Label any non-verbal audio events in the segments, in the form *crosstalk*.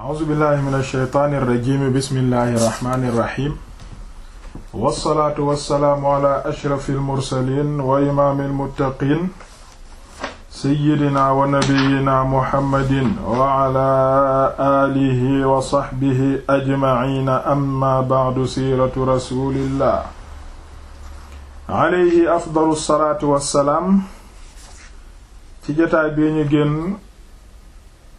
a'uuzu billahi min alsheytaani irrajimi bismillahi irrahmani irrahim wassalaatu wassalaamu ala ashrafi almursalin wa imaami almuttaqin seyidina wa nabiyina muhammadin wa ala aalihi wa saxbihi ajmaciina amma bacdu siiratu rasulillah alayhi afdalu salaatu wassalaam ci jotaay bi ñu génn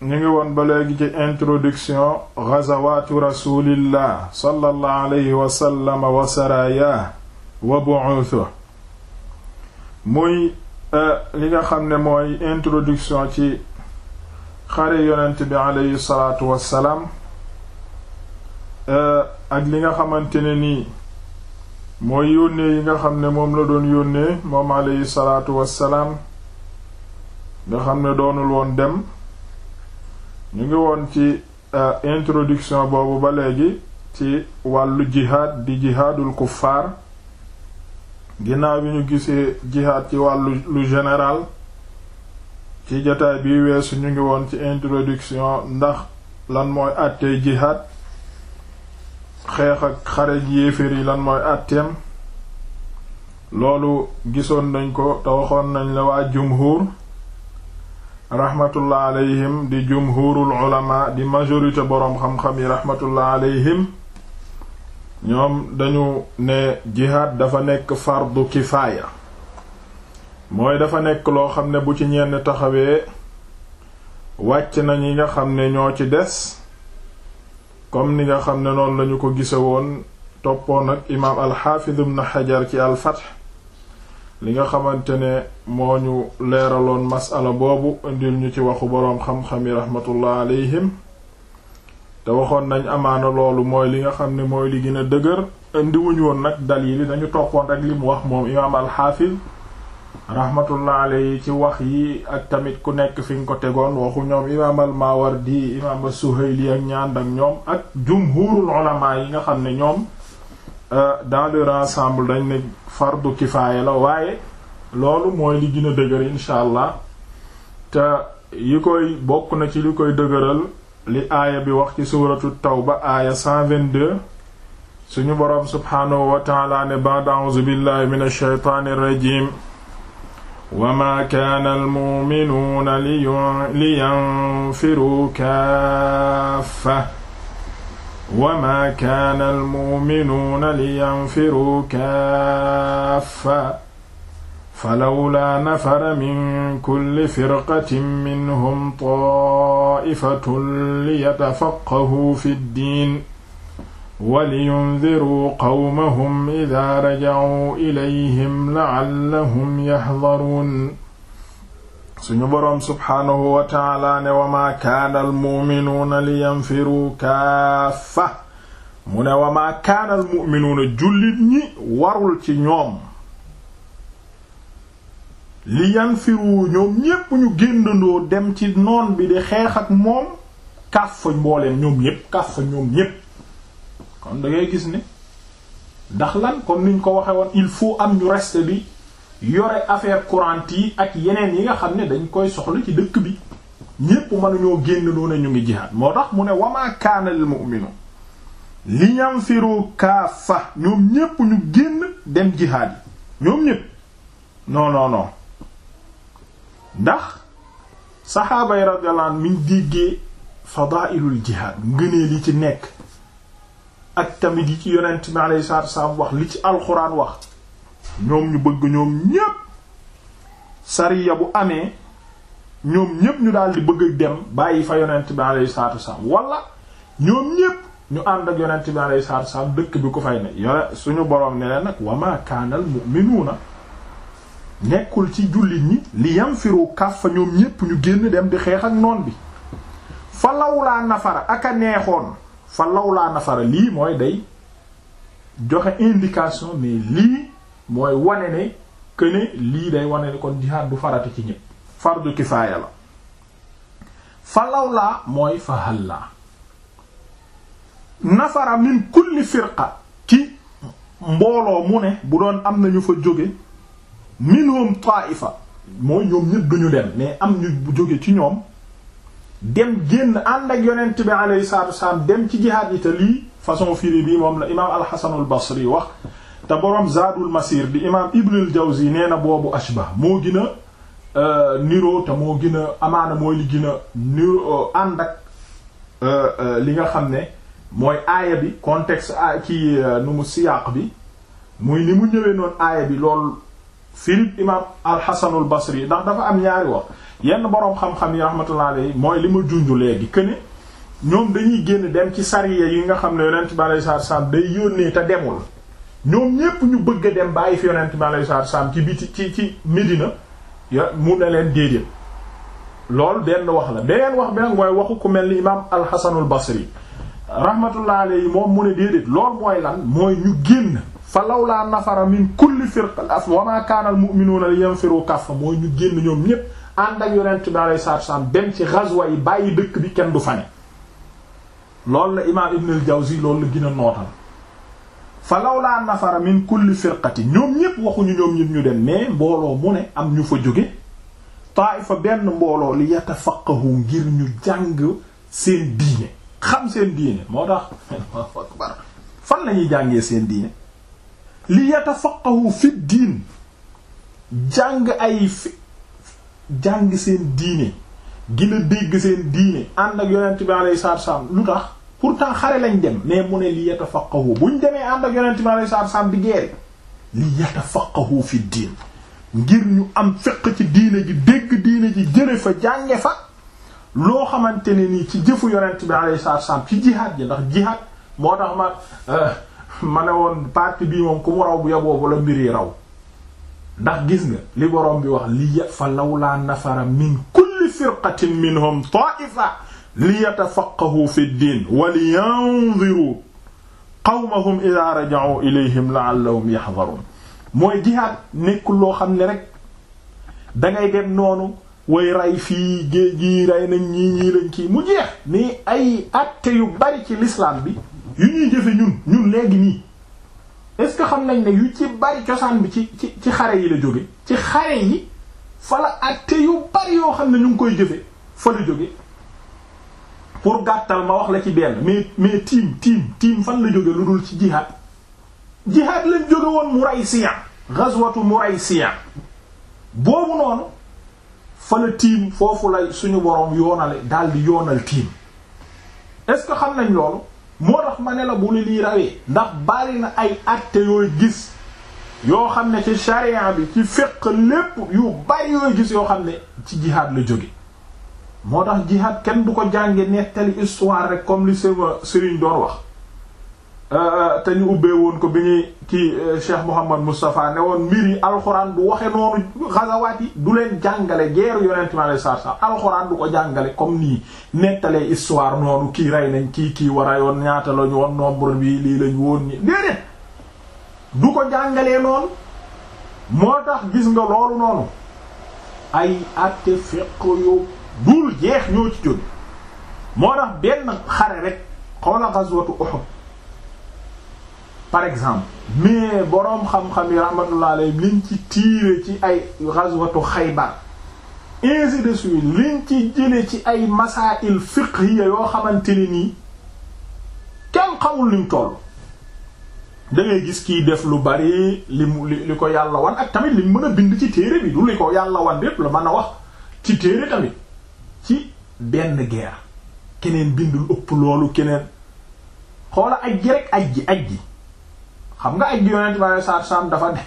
ñu ngi woon ba léegi ci introduction gazawaatu rasulillah sallallahu alayhi wa wa saraya wa bu'uthu muy euh, li nga xam ne mooy introduction ci xare yonent bi aleyhi salaatu wassalaam euh, ak li nga xamante ne nii mooy yónnee yi nga xam ne moom la doon yónnee moom aleyhi salaatu wassalaam nga xam ne doonul woon dem ñu ngi woon ci euh, introduction boobu ba léegi ci wàllu jihaad di jihaadul kuffaar ginnaaw bi ñu gisee jihaad ci wàllu lu général ci jotaay bi weesu ñu ngi woon ci introduction ndax lan mooy àttee jihaad xeex ak xare yéeféer yi lan mooy àtteem loolu gisoon nañ ko te waxoon nañ la waa jumhur rahmatullah alayhim di jumhurul ulama di majorité boroom xam-xam yi rahmatullah alayhim ñoom dañu ne jihaad dafa nekk fardu kifaaya mooy dafa nekk loo xam ne bu ci ñenn taxawee wàcc na ñi nga xam ne ñoo ci des comme ni nga xam ne noonu lañu ko gise woon toppoon ak imaam alxaafid ibn xajar ci alfat li nga xamante ne moo ñu leeraloon masala boobu indiwuñu ci waxu boroom xam-xam yi rahmatullah alayhim te waxoon nañ amaana loolu mooy li nga xam ne mooy li gën a dëgër indiwuñ woon nag dalil dañu toppoon rek li mu wax moom imaam alxaafiz rahmatullah alayhi ci wax yi ak tamit ku nekk fi nga ko tegoon waxu ñoom imaam al-Mawardi imaam as ak ñaan ak ñoom ak jumhuurul ulamaa yi nga xam ne ñoom Euh, dans le ensemble dañ ne fardu kifaaya la waaye loolu mooy li gën a dëgër incha allah te yi koy bokk na ci li koy dëgëral li aaya bi wax ci suuratu tawba aaya 122 suñu boroom subhaanahu wa taala ne ba'd a'uuzu billahi min ash-shaytaani rajim wa ma kaana al-mu'minuuna liyanfiruu kaaffa wama kaana almuminuuna liyanfiruu kaaffa falawlaa nafara min kulli firqatin minhum taa'ifatun liyatafaqqahuu fi ddiin waliyundiruu qawmahum idaa rajacuu ilayhim la'allahum yaxdaruun suñu boroom subhaanahu wa ne wa maa kaana li yanfiru kaafa mu ne wa maa kaana jullit ñi warul ci ñoom li yanfiru ñoom ñépp ñu géndandoo dem ci noon bi di xeex ak moom kaafa mbooleem ñoom ñépp kaafa ñoom ñépp kon da gis ni ndax lan comme niñ ko waxe il faut am ñu reste bi yore affaire courante yi ak yeneen yi nga xam ne dañ koy soxla ci dëkk bi ñépp mënuñoo génn doona ñu ngi jihaad moo tax mu ne wamaa kaana lil mu'minu li ñam firu kaafa ñoom ñépp ñu génn dem jihaad yi ñoom ñépp non ndax saxaaba yi radiyallahu anhum miñ déggee fadailul jihaad ci nekk ak tamit yi ci yonent bi alayhi salaatu wax li ci alxuraan wax ñoom ñu bëgg ñoom ñépp sariya bu amee ñoom ñépp ñu daal di bëgg dem bàyyi fa yonent bi alayhi salaatu wasalaam wala ñoom ñépp ñu ànd ak yonent bi alayhi salaatu wasalaam dëkk bi ko fay ne suñu boroom ne nag wama kaanal mu'minuuna nekkul ci jullit ñi li yanfiru kàffa ñoom ñépp ñu génn dem di xeex ak noon bi fa lawlaa nafara ak a neexoon fa lawlaa nafara lii mooy day joxe indication mais lii mooy wane ne que ne lii day wane ne kon jihaad du farata ci ñépp fardu kifaaya la falaw laa mooy fahal laa nafara min kulli firqa ci mbooloo mu ne bu doon am na ñu fa jóge minhum taaifa mooy ñoom ñépp duñu dem mais am ñu jóge ci ñoom dem génn ànd ak yonent bi alayhi salaatu dem ci jihaad yi te lii façon firi bi moom la imaam al-Hasan al-Basri wax te borom Zadul Masir di imaam Ibnul Jawzi nee na boobu ashba moo gina a euh, niroo te moo gën a amaana mooy li gina a niroo euh, ànd ak euh, li nga xam ne mooy aaya bi contexte a ki nu mu siyaaq bi muy ni mu ñëwee noonu aaya bi lool firib imaam alxasanul basri ndax dafa am ñaari wax yenn boroom xam-xam yi rahmatullah mooy li ma junj léegi que ne ñoom dañuy génn dem ci sariya yi nga xam ne yonent bi alayhi salaam day yónnee te demul ñoom ñépp ñu bëgg a dem bàyyi fi yonent bi alayhi salaatu salaam ci ci ci ya mu ne leen déedéet loolu benn wax la beneen wax bi nag mooy waxu ku mel ni imaam alxasanul basri rahmatullah alayhi moom mu ne déedéet loolu mooy lan mooy ñu génn fa lawlaa nafara min kulli firqa wa maa kaana al mu'minuuna li yanfiru kaffa mooy ñu génn ñoom ñépp ànd ak yonent bi alayhi salaatu salaam dem ci ghazwa yi bàyyi dëkk bi kenn du fane loolu la imaam ibn al jawzi la gën a fa lawlaa nafara min kulli firqati ñoom ñépp waxuñu ñoom ñépp ñu dem mais mbooloo mu ne am ñu fa jóge fa benn mbooloo li yatafaqahu ngir ñu jàng seen diine xam seen diine moo tax akbar fan lañuy jàngee seen diine li yatafaqahu fi diin jàng ay fi jàng seen diine gën a seen diine ànd ak yonent bi alayhi salaatu wa lu tax pour pourtant xare lañ dem mais mu ne li yatafaqahu buñ demee ànd ak yonent bi alayhi salaatu salaam di geeri li yatafaqahu fi diin ngir ñu am fiq ci diine ji dégg diine ji jële fa jànge fa loo xamante ne nii ci jëfu yonent bi alayhi salaatu salaam ci jihaad ji ndax jihaad moo tax ma euh, ma ne woon partie bii moom ku mu raw bu yaboo wala mbir yi raw ndax gis nga li borom bi wax li ya fa lawlaa nafara min kulli firqatin minhum ta'ifa li yatafaqqahu fi diin wa li yanziru qawmahum idaa raja'u ilayhim la'allahum yahzarun mooy jihaad nekkul loo xam ne rek dangay dem noonu way ray fii géej gi rey nañ ñii ñii lañ ci mu jeex nii ay acte yu bari ci l'islam bi yu ñuy jëfe ñun ñun léegi nii est-ce que xam nañ ne yu ci bari cosaan bi ci ci ci xare yi la jóge ci xare yi fala acte yu bari yoo xam ne ñu ngi koy jëfe fa la jóge pour gàttal ma wax la ci benn mais mais tiim tiim tiim fan la jóge lu dul ci jihaad jihaad lañ jóge woon Muraysiya ghazwatu Muraysiya boobu noonu fa la tiim foofu lay suñu boroom yoonale daal di yoonal tiim est-ce que xam nañ loolu moo tax ma ne la bu li lii rawee ndax bari na ay acte yooy gis yoo xam ne ci charia bi ci fiqh lépp yu bari yooyu gis yoo xam ne ci jihaad la jóge moo tax jihad kenn du ko jànge nettali histoire rek comme li sama doon wax euh, euh, te ñu ubbee woon ko bi ñuy ci euh, Cheikh Mouhamad Moustapha ne woon mbir yi alxuraan du waxe noonu xasawaat yi du leen jàngale geeru yonent mi alei satu alxuraan du ko jàngale comme nii nettalee histoire noonu kii rey nañ kii kii war a yoon ñaata lañu woon nombre bi lii lañ woon ñi déedéet du ko jàngalee noonu moo tax gis nga loolu noonu ay àtte fiqh yu dul jeex ñoo ci jóge moo tax benn xare rek xoola ghazwatu Uhud par exemple mais boroom xam-xam yi rahmatullah alayhi liñ ci tiire ci ay ghazwatu Xaybar ainsi de suite liñ ci jële ci ay masail fiqhiyya yoo xamante ni nii kenn xamul liñ toll da gis kiy def lu bari li mu li ko yàlla wan ak tamit li mën a bind ci téere bi du li ko yàlla wan lépp la mën a wax ci téere tamit ci benn guerre keneen bindul ëpp loolu keneen xoola aj ji rek aj ji aj ji xam nga aj ji yonent bi alei satu dafa ne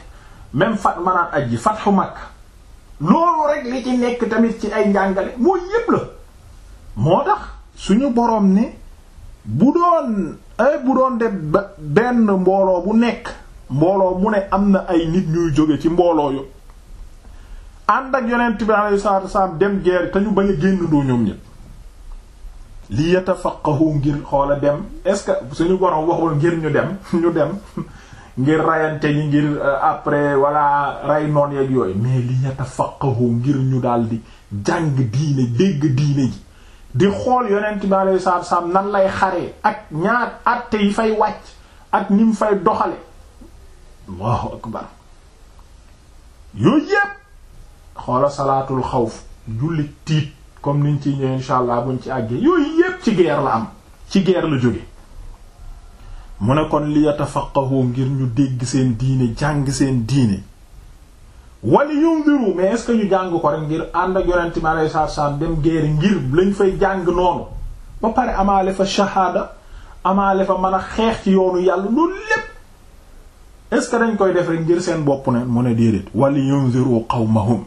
même fat manaan aj ji fatxu Makka loolu rek li ci nekk tamit ci ay njàngale mooy yépp la moo tax suñu boroom ne bu doon ay eh, bu doon de benn mbooloo bu nekk mbooloo mu ne am na ay nit ñuy jóge ci mbooloo yo ànd ak yonent bi alayhi salaatu wasalaam dem guerre te ñu bañ a génn doo ñoom ñëpp li yatafaqahu ngir xoola dem est-ce que suñu borom waxul ngir ñu dem *laughs* ñu dem *laughs* ngir rayante ñi ngir euh, après wala ray noon yooyu mais li yatafaqahu ngir ñu daldi jàng diine dégg diine ji di xool yonent bi alayhi salaatu wasalaam nan lay xaree ak ñaar àtte yi fay wàcc ak ni fay doxale Allahu akbar yooyu yépp xoola salaatul xaw julli tiit comme niñ ci ñëw insha buñ ci àggee yooyu yépp ci guerre la am ci guerre la jóge mu ne kon li yatafaqahu ngir ñu dégg seen diine jàng seen diine wali yundiru mais est-ce ñu jàng ko rek ngir ànd ak yonent mi alayhi salaatu salaam dem guerre ngir lañ fay jàng noonu ba pare amaale fa shahaada amaale fa mën a xeex ci yoonu yàlla loolu lépp est dañ koy def rek ngir seen bopp ne mu ne déedéet wali yundiru qawmahum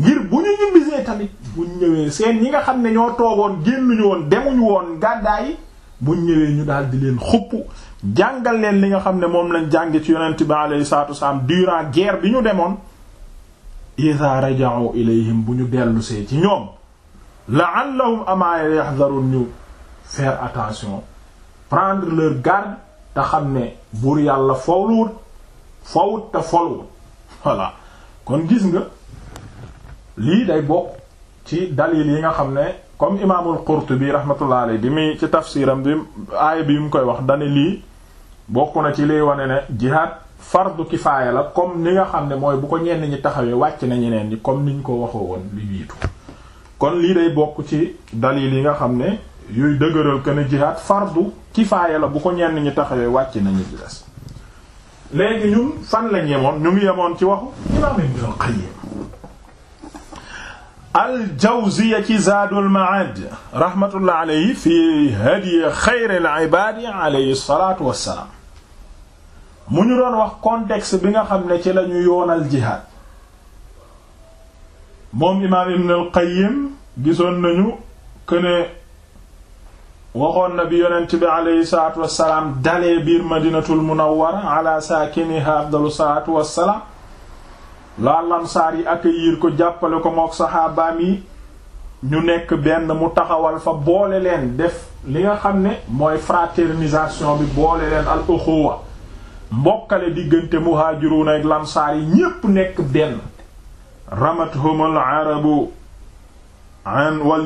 ngir bu ñu ñibbisee tamit bu ñëwee seen ñi nga xam ne ñoo toogoon génnuñu woon demuñu woon gàddaa bu ñëwee ñu daal di leen xupp jàngal leen li nga xam ne moom lañ jànge ci yonent bi alayhi salaatu wasalaam durant guerre bi ñu demoon iza raja'u ilayhim bu ñu dellusee ci ñoom la la'allahum ama yahdharun ñu faire attention prendre leur garde te xam ne buur yàlla fowluwut fowut te folwut voilà kon gis nga lii day bokk ci dalil yi nga xam ne comme imaamul Qurtubi rahmatullah alayhi bi muy ci tafsiram bi aaya bi yu mu koy wax dane lii bokk na ci liy wane ne jihaad fardu kifaaya la comme ni nga xam ne mooy bu ko ñenn ñi taxawee wàcc nañu neen ñi comme ni ñu ko waxoo woon li wiitu kon lii day bokk ci dalil yi nga xam ne yuy dëgëral que ne jihaad fardu kifaaya la bu ko ñenn ñi taxawee wàcc nañu di des léegi ñun fan lañ yemoon ñu ngi yemoon ci waxu aljawziya ci zaadul maad rahmatullah alayhi fi hadi xayril ibaadi alayhi salaatu wassalaam mu ñu doon wax contexte bi nga xam ne ci la ñu yoonal jihaad moom imaam ibn al qayyim gisoon nañu këne waxoon na bi yonent bi alayhi salaatu wassalaam dalee biir madinatul munawwara ala saakiniha afdalu salaatu wassalaam la lamsaar yi accueillir ko jàppale ko mook saxaabaam yi ñu nekk benn mu taxawal fa boole leen def li nga xam ne mooy fraternisation bi boole leen al uxuwa mbokkale diggante muhaajiruuna ak lamsaar yi ñépp nekk benn ramathum al arabu an wal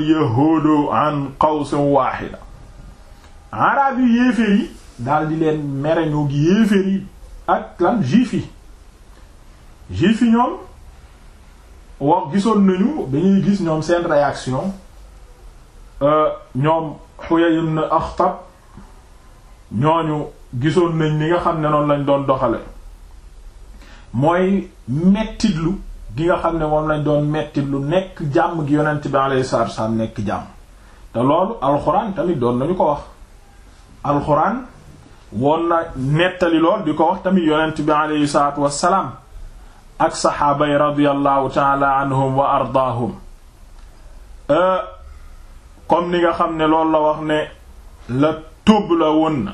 an qawsin waahida arab yu yéeféer yi daal leen mereñu gi yéeféer yi ak lan yi juif yi ñoom wax gisoon nañu dañuy gis ñoom seen réaction euh, ñoom Huyay ibn Akhtab ñooñu gisoon nañ ni nga xam ne noonu lañ doon doxale mooy mettitlu gi nga xam ne moom lañ doon mettitlu nekk jàmm gi yonent bi alayhi salaatu wasallam nekk jàmm te loolu alxuraan tamit doon nañu ko wax alxuraan woon na nettali lool di ko wax tamit yonent bi alayhi salaatu wasallam ak saxaaba yi radiyallahu taala anhum wa ardaahum comme ni nga xam ne loolu la wax ne la tublawunna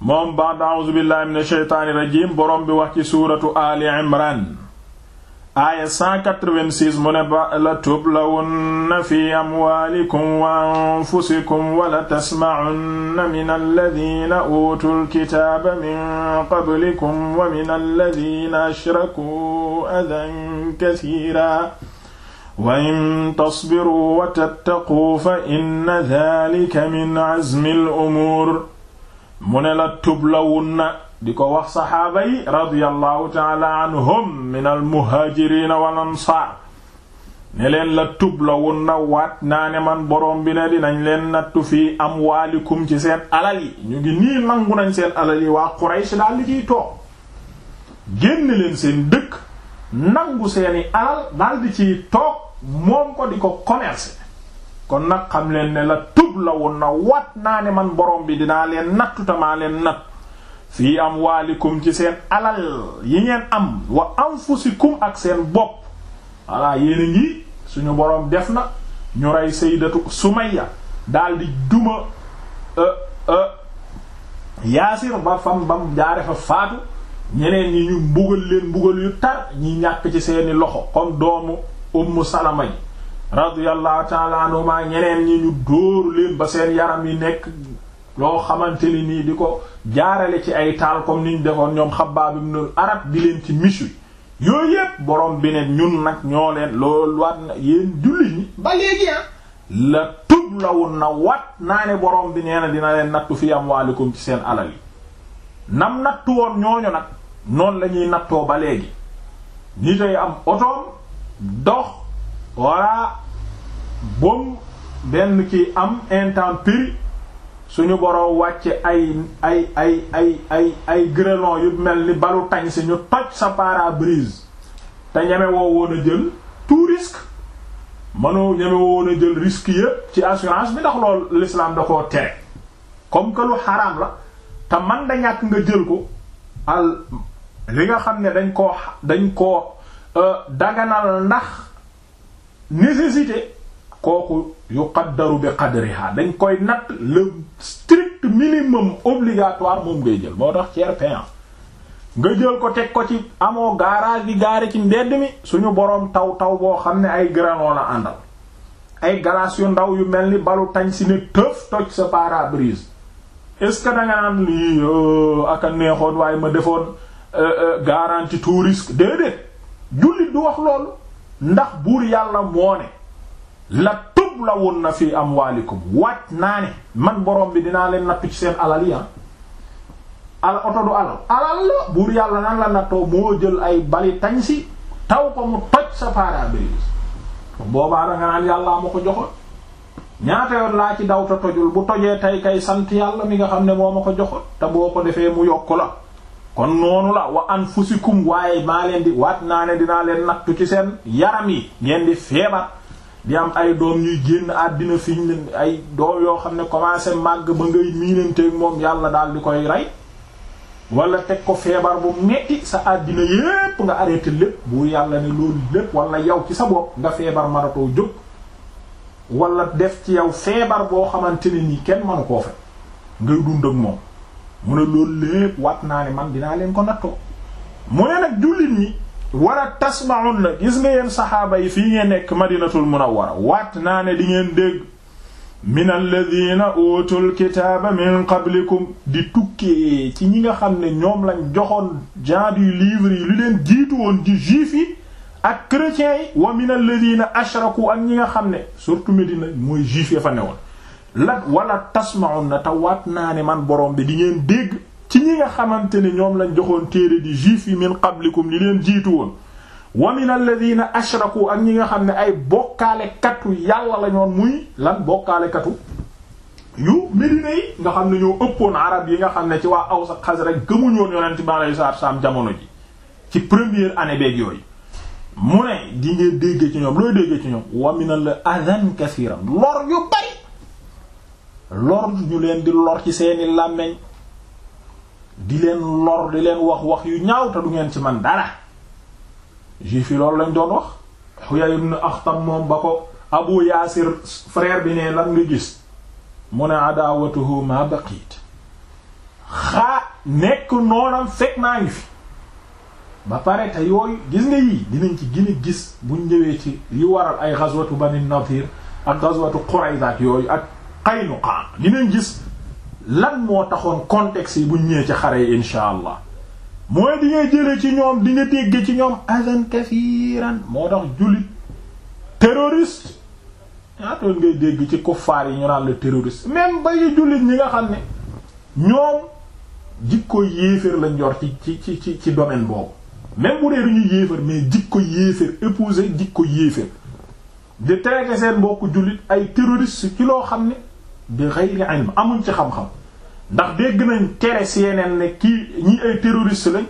moom ba'da a'uuzu billahi minash shaytaanir rajiim boroom bi wax ci suuratu aali imran aaya 186 mu ne ba la tublawunna fi amwaalikum wa anfusikum wa la tasma'unna min alladhina utul kitaaba min qablikum wa min alladhina ashrakuu adan kathiira wa in tasbiruu wa tattaquu fa inna dhaalika min azmi al-umuur mu ne la tublawunna di ko wax saxaaba yi radiyallahu taala anhum min al muhaajiriina wal ansaar ne leen la tublawunna waat naa ne man borom bi ne dinañ leen nattu fii amwaalikum ci seen alal yi ñu ngi nii nangu nañ seen alal yi waa Quraysh daal li ciy toog génn leen seen dëkk nangu seeni alal daldi di ciy toog moom ko di ko commercer kon nag xam leen ne la tublawunna waat naa ne man borom bi dinaa leen nattu tamaa leen nattu fii amwaalikum ci seen alal yi ngeen am wa anfusikum ak seen bopp walla yéen ngi suñu boroom def na ñu rey sayyidatu Sumayya daldi duma euh, euh, Yaasir ba fam bam jaare fa faatu ñeneen ñi ñu mbugal leen mbugal yu tar ñi ñàkk ci seeni loxo comme doomu Ummu Salama yi radiyallahu ta'ala ñeneen ñi ñu dóor leen ba seen yaram yi nekk loo xamante ne nii di ko jaarale ci ay taal comme niñ defoon ñoom Xabbaab ibnul Arab di leen ci misu yooyu yépp borom bi ne ñun nag ñoo leen loolu waat na yéen ñi ba léegi ah la tub lawun na wat naa ne borom bi nee na dina leen nattu fi am waalikum ci seen alal yi nam nattu woon ñooñu nag noonu lañuy ñuy nattoo ba léegi ñi tey am otoom dox walla bom benn ki am intempérie suñu boroom wàcce ay ay ay ay ay ay grêlon yu mel ni balu tañ si ñu toj sa pare-brise te ñeme woo jël tout risque mënoo ñeme woo jël risque yëpp ci assurance bi ndax loolu l'islam da koo tere comme que lu la te man da ñàkk nga jël ko al li nga xam ne dañ koo dañ koo euh, daganal ndax nécessité kooku yuqaddaru bi qadriha dañ koy natt le strict minimum obligatoire moom ngay jël moo tax tiers payant nga jël ko teg ko ci amoo garage bi gaare ci mbedd mi suñu boroom taw taw boo xam ne ay granoo la àndal ay glace yu ndaw yu mel ni balu tañ si ne tëf toj sa pare-brise est am lii oh, ak a neexoon waaye ma defoon euh, euh, garantie tout risque déedéet jullit du wax loolu ndax buur yàlla moo ne la tublawunna fi amwaalikum waaj naa ne man borom bi dinaa leen natt ci seen alal yi ah. al oto du alal alal la buur yàlla nan la nattoo moo jël ay bali tañ si taw ko mu toj sa parabrise boobaa da nga naan yàllaa ma ko joxoon ñaata yoon laa ci daw te tojul bu tojee tey kay sant yàlla mi nga xam ne moo ma ko joxoon te boo ko defee mu yokk la kon noonu la wa anfusikum waaye maa leen di waat naa ne dinaa leen nattu ci seen yaram yi ngeen di am ay doom ñuy génn àddina fiñ leen ay doom yoo xam ne commencé màgg ba ngay miinanteeg moom yàlla daal di koy rey wala teg ko feebar bu metti sa àddina yépp nga arrêté lépp bu yàlla ne loolu lépp wala yow ci sa bopp nga feebar maratoo jóg wala def ci yow feebar boo xamante ne nii kenn mënu koo faj ngay dund ak moom mu ne loolu lépp wat naa ne man dinaa leen ko nattoo mu ne nag jullit ñi wala tasmaun na gis nga yéen saxaaba yi fii ngeen nekk madinatul munawwara waat naa ne di ngeen dégg min alladina utul kitaaba min qablikum di tukkee ci ñi nga xam ne ñoom lañ joxoon gens du livre yi lu leen jiitu woon di juif yi ak chrétiens yi wa min alladina ashraku ak ñi nga xam ne surtout Medina mooy juif ya fa newoon la wala tasmaun na te waat naa ne man borom bi di ngeen dégg ci ñi nga xamante ni ñoom lañ joxoon téere di juif yi min qablikum li leen jiitu woon wa min alladhina ashraku ak ñi nga xam ne ay bokkaalekatu yàlla la ñoon muy lan bokkaalekatu yu Medina yi nga xam ne ñoo ëppoon arab yi nga xam ne ci waa Aws ak rek gëmuñoon yonent bi alayhi salaatu salaam jamono ji ci première année beeg yooyu mu ne di ngeen déggee ci ñoom looy déggee ci ñoom wa min al adhan lor yu lor ñu leen di lor ci seeni làmmeñ di leen lor di leen wax wax yu ñaaw te du ngeen ci man dara juif yi loolu lañ doon wax Huyay ibn Akhtab moom ba ko Abu Yaasir frère bi ne lan nga gis mu ne adawatuhu ma baqiit xaa nekk noonam fekk naa ngi fi ba pare te yooyu gis nga yii dinañ ci gën gis buñ ñëwee ci li waral ay ghazwatu Bani Nadir ak ghazwatu Qurayza ak yooyu ak Qaynuqa dinañ gis lan moo taxoon contexte yi bu ñëwee ci xare yi insha allah mooy di nga jële ci ñoom di nga dégg ci ñoom azan kafiran moo tax jullit terroriste ñaatoon ngay dégg ci kuffaar yi ñu naan la terroriste même ba yi jullit ñi nga xam ne ñoom jikko yéeféer lañ yor ci ci ci ci domaine boobu même bu dee du ñu yéeféer mais jikko yéeféer épouser jikko yéeféer di traiter seen mbokku jullit ay terroriste ci loo xam ne bi ghayri ilm amuñ ci xam-xam ndax dégg nañ tere si yeneen ne kii ñii ay terroriste lañ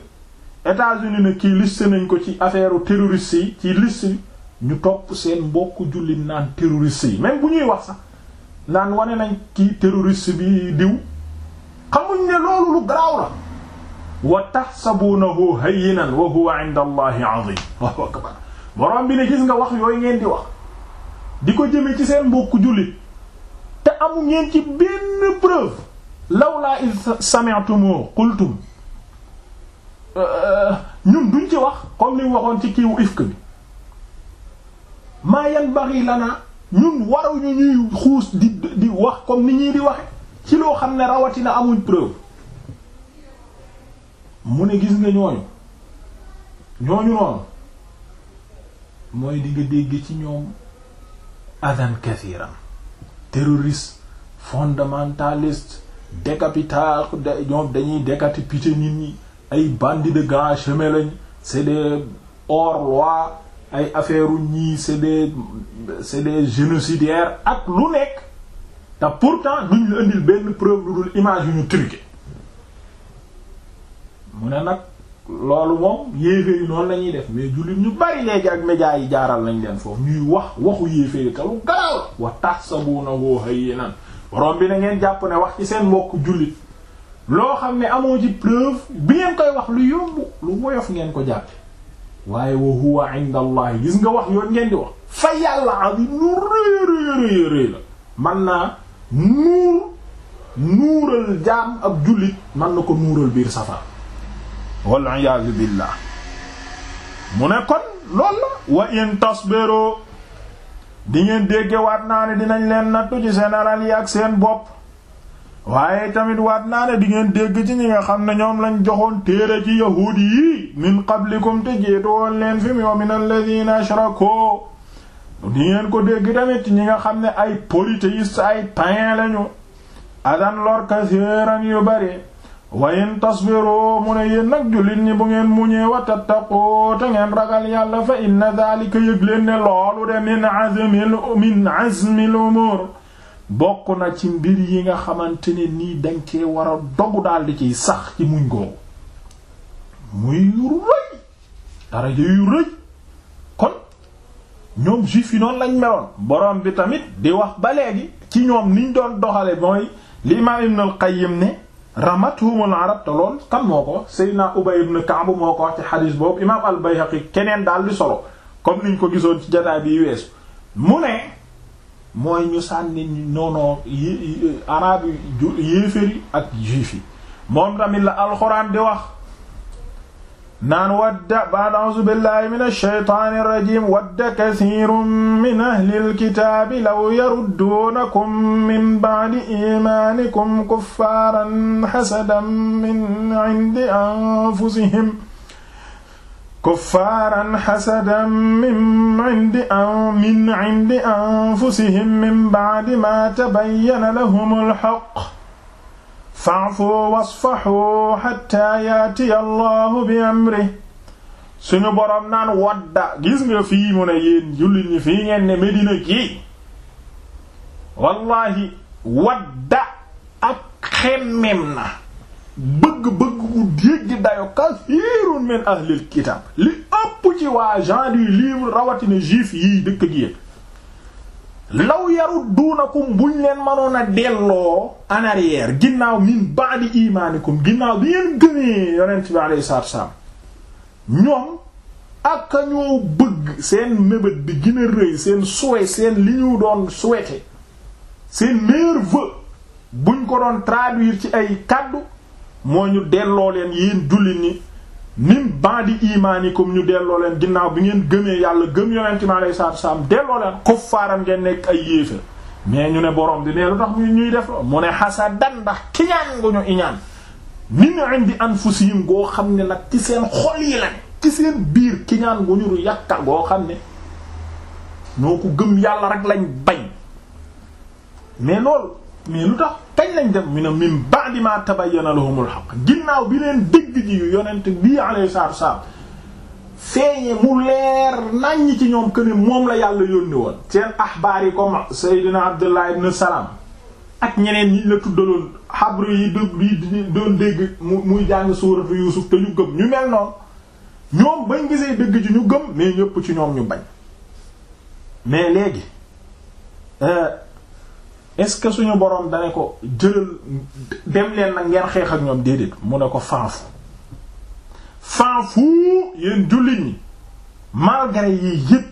États-Unis na kii liste nañ ko ci affaire terroriste yi ci liste yi ñu topp seen mbokk jullit naan terroriste yi même bu ñuy wax sax naan wane nañ kii terroriste bi diw xamuñ ne loolu lu garaaw la wa tahsabunahu hayyinan wa huwa inda allahi azim bi ne gis nga wax yooyu ngeen di wax di ko jëme ci seen mbokk jullit te amu ngeen ci benn preuve lawlaa iz sami'tumu qultum euh, euh, ñun duñ ci wax comme ni waxoon ci kiiwu ifk bi maa yanbaghi lana ñun waruñu ñuy xuus di wax comme ni ñii di waxe ci loo xam ne rawatina amuñ preuve mu ne gis nga ñooñu ñooñu noonu mooy di nga ci ñoom adan kathiran terroriste fondamentaliste décapita ñoom dañuy décapiter nit ñi ay bandits de grands chemins lañ c'est des hors-loi ay affaire u ñii c'est des c'est des ak lu nekk te pourtant duñ la indil benn preuve lu dul image yu ñu truqué mu ne nag loolu moom yéefee noonu lañuy def mais jullit ñu bari léegi ak médias yi jaaral nañ leen foofu ñuy wax waxu yéefee yi te lu garaw wa tahsabunahu hayyinan borom bi na ngeen jàpp ne wax ci seen mbokk jullit loo xam ne amoo ci preuve bi ngeen koy wax lu yomb lu woyof ngeen ko jàppe waaye wa huwa inda gis nga wax yoon ngeen di wax fa yàlla azim lu rëy rëy rëy la man naa nuur nuural jaam ab jullit man na ko nuural biir safara wal iyaazu billah mu ne kon lool la wa in tasbiru di ngeen dégge waat naa ne dinañ leen nattu ci seen alal yi ak seen bopp waaye tamit waat naa ne di ngeen dégg ci ñi nga xam ne ñoom lañ joxoon téere ci yahuudi yi min qablikum te jeetu woon leen fi wa min alladhina ashraku di ngeen ko dégg tamit ci ñi nga xam ne ay polythéistes ay païens lañu adan lor kasiran yu bari wa in tasbiru mu ne yéen nag jullit ñi bu ngeen muñee wa tattaqoo te ngeen ragal yàlla fa inna daalika yëg leen ne loolu de min azmil min bokk na ci mbir yi nga xamante ni nii dañ cee war a dogu daal di ciy sax ci muñ googu muy rëy dara yu rëy kon ñoom juif yi noonu lañ meloon borom bi tamit di wax ba léegi ci ñoom niñ doon doxale mooy li imaam Ibn al ne ramathumul arab te lool kan moo ko Seydina Ubay ibn Ka'b moo ko wax ci xadis boobu imaam al-Bayhaqi keneen daal di solo comme niñ ko gisoon ci jataay bi weesu mu ne mooy ñu sànni noonoo yi arab yi yéeféri ak juif yi moom tamit la alxuraan di wax naan wadda baan a'uuzu billahi min ash-shaytaani rajiim wadda kasiirun min ahlil kitaabi law yarudduunakum min ba'di iimaanikum kuffaaran hasadan min 'indi anfusihim kuffaaran hasadan min 'indi min 'indi anfusihim min ba'di maa tabayyana lahumul haqq fa'fu wasfahu hatta yaatiya allahu bi amri suñu boroom naan wadda gis nga fii mu ne yéen jullit ñi fii ngeen ne Medina gi wallaahi wadda ak xemmem na bëgg-bëgg ku dégg dayo kasiirun min ahlil kitaab li ëpp ci waa gens du livre rawatina juif yii dëkk gi law yarudduunakum buñ leen mënoon a delloo en arrière ginnaaw min ba'di imaanikum ginnaaw bi ngeen gënee yonent bi alayhi salaatu ñoom ak ñoo bëgg seen mébét bi gën a rëy seen souhait seen li ñu doon souhaiter seen meilleur vœu buñ ko doon traduire ci ay kàddu moo ñu delloo leen yeen jullit ñi di min ba'di comme ñu delloo leen ginnaaw bi ngeen gëmee yàlla gëm yonent mi alayhi salaatu wassalaam delloo leen kuffaaram ngeen nekk ay yéefar mais ñu ne borom bi ne lu tax ñuy def mu ne hasadan ndax kiñaan gu ñu iñaan min indi anfusihim goo xam ne nag ci seen xol yi lañ ci seen biir kiñaan gu ñu yàkkal goo xam ne ñoo ko gëm yàlla rek lañ bañ mais loolu mais lu tax kañ lañ def mi ne min ba'di ma tabayyana lahumul haqq ginnaaw bi leen dégg ji yonent bii alayhi salaatu wassalaam feeñe mu leer naññ ci ñoom que moom la yàlla yónni woon seen axbaar yi comme Seydina Abdullah ibn Salam ak ñeneen yi la tuddaloon xabru yi di doon dégg mu muy jàng suuratu Yuusuf te ñu gëm ñu mel noonu ñoom bañ gisee dëgg ji ñu gëm mais ñëpp ci ñoom ñu bañ mais léegi. Euh, est-ce que suñu boroom dane ko jëlal dem leen nag ngeen xeex ak ñoom déedéet mu ne ko fanfu fanfu yéen jullit ñi malgré yi yëpp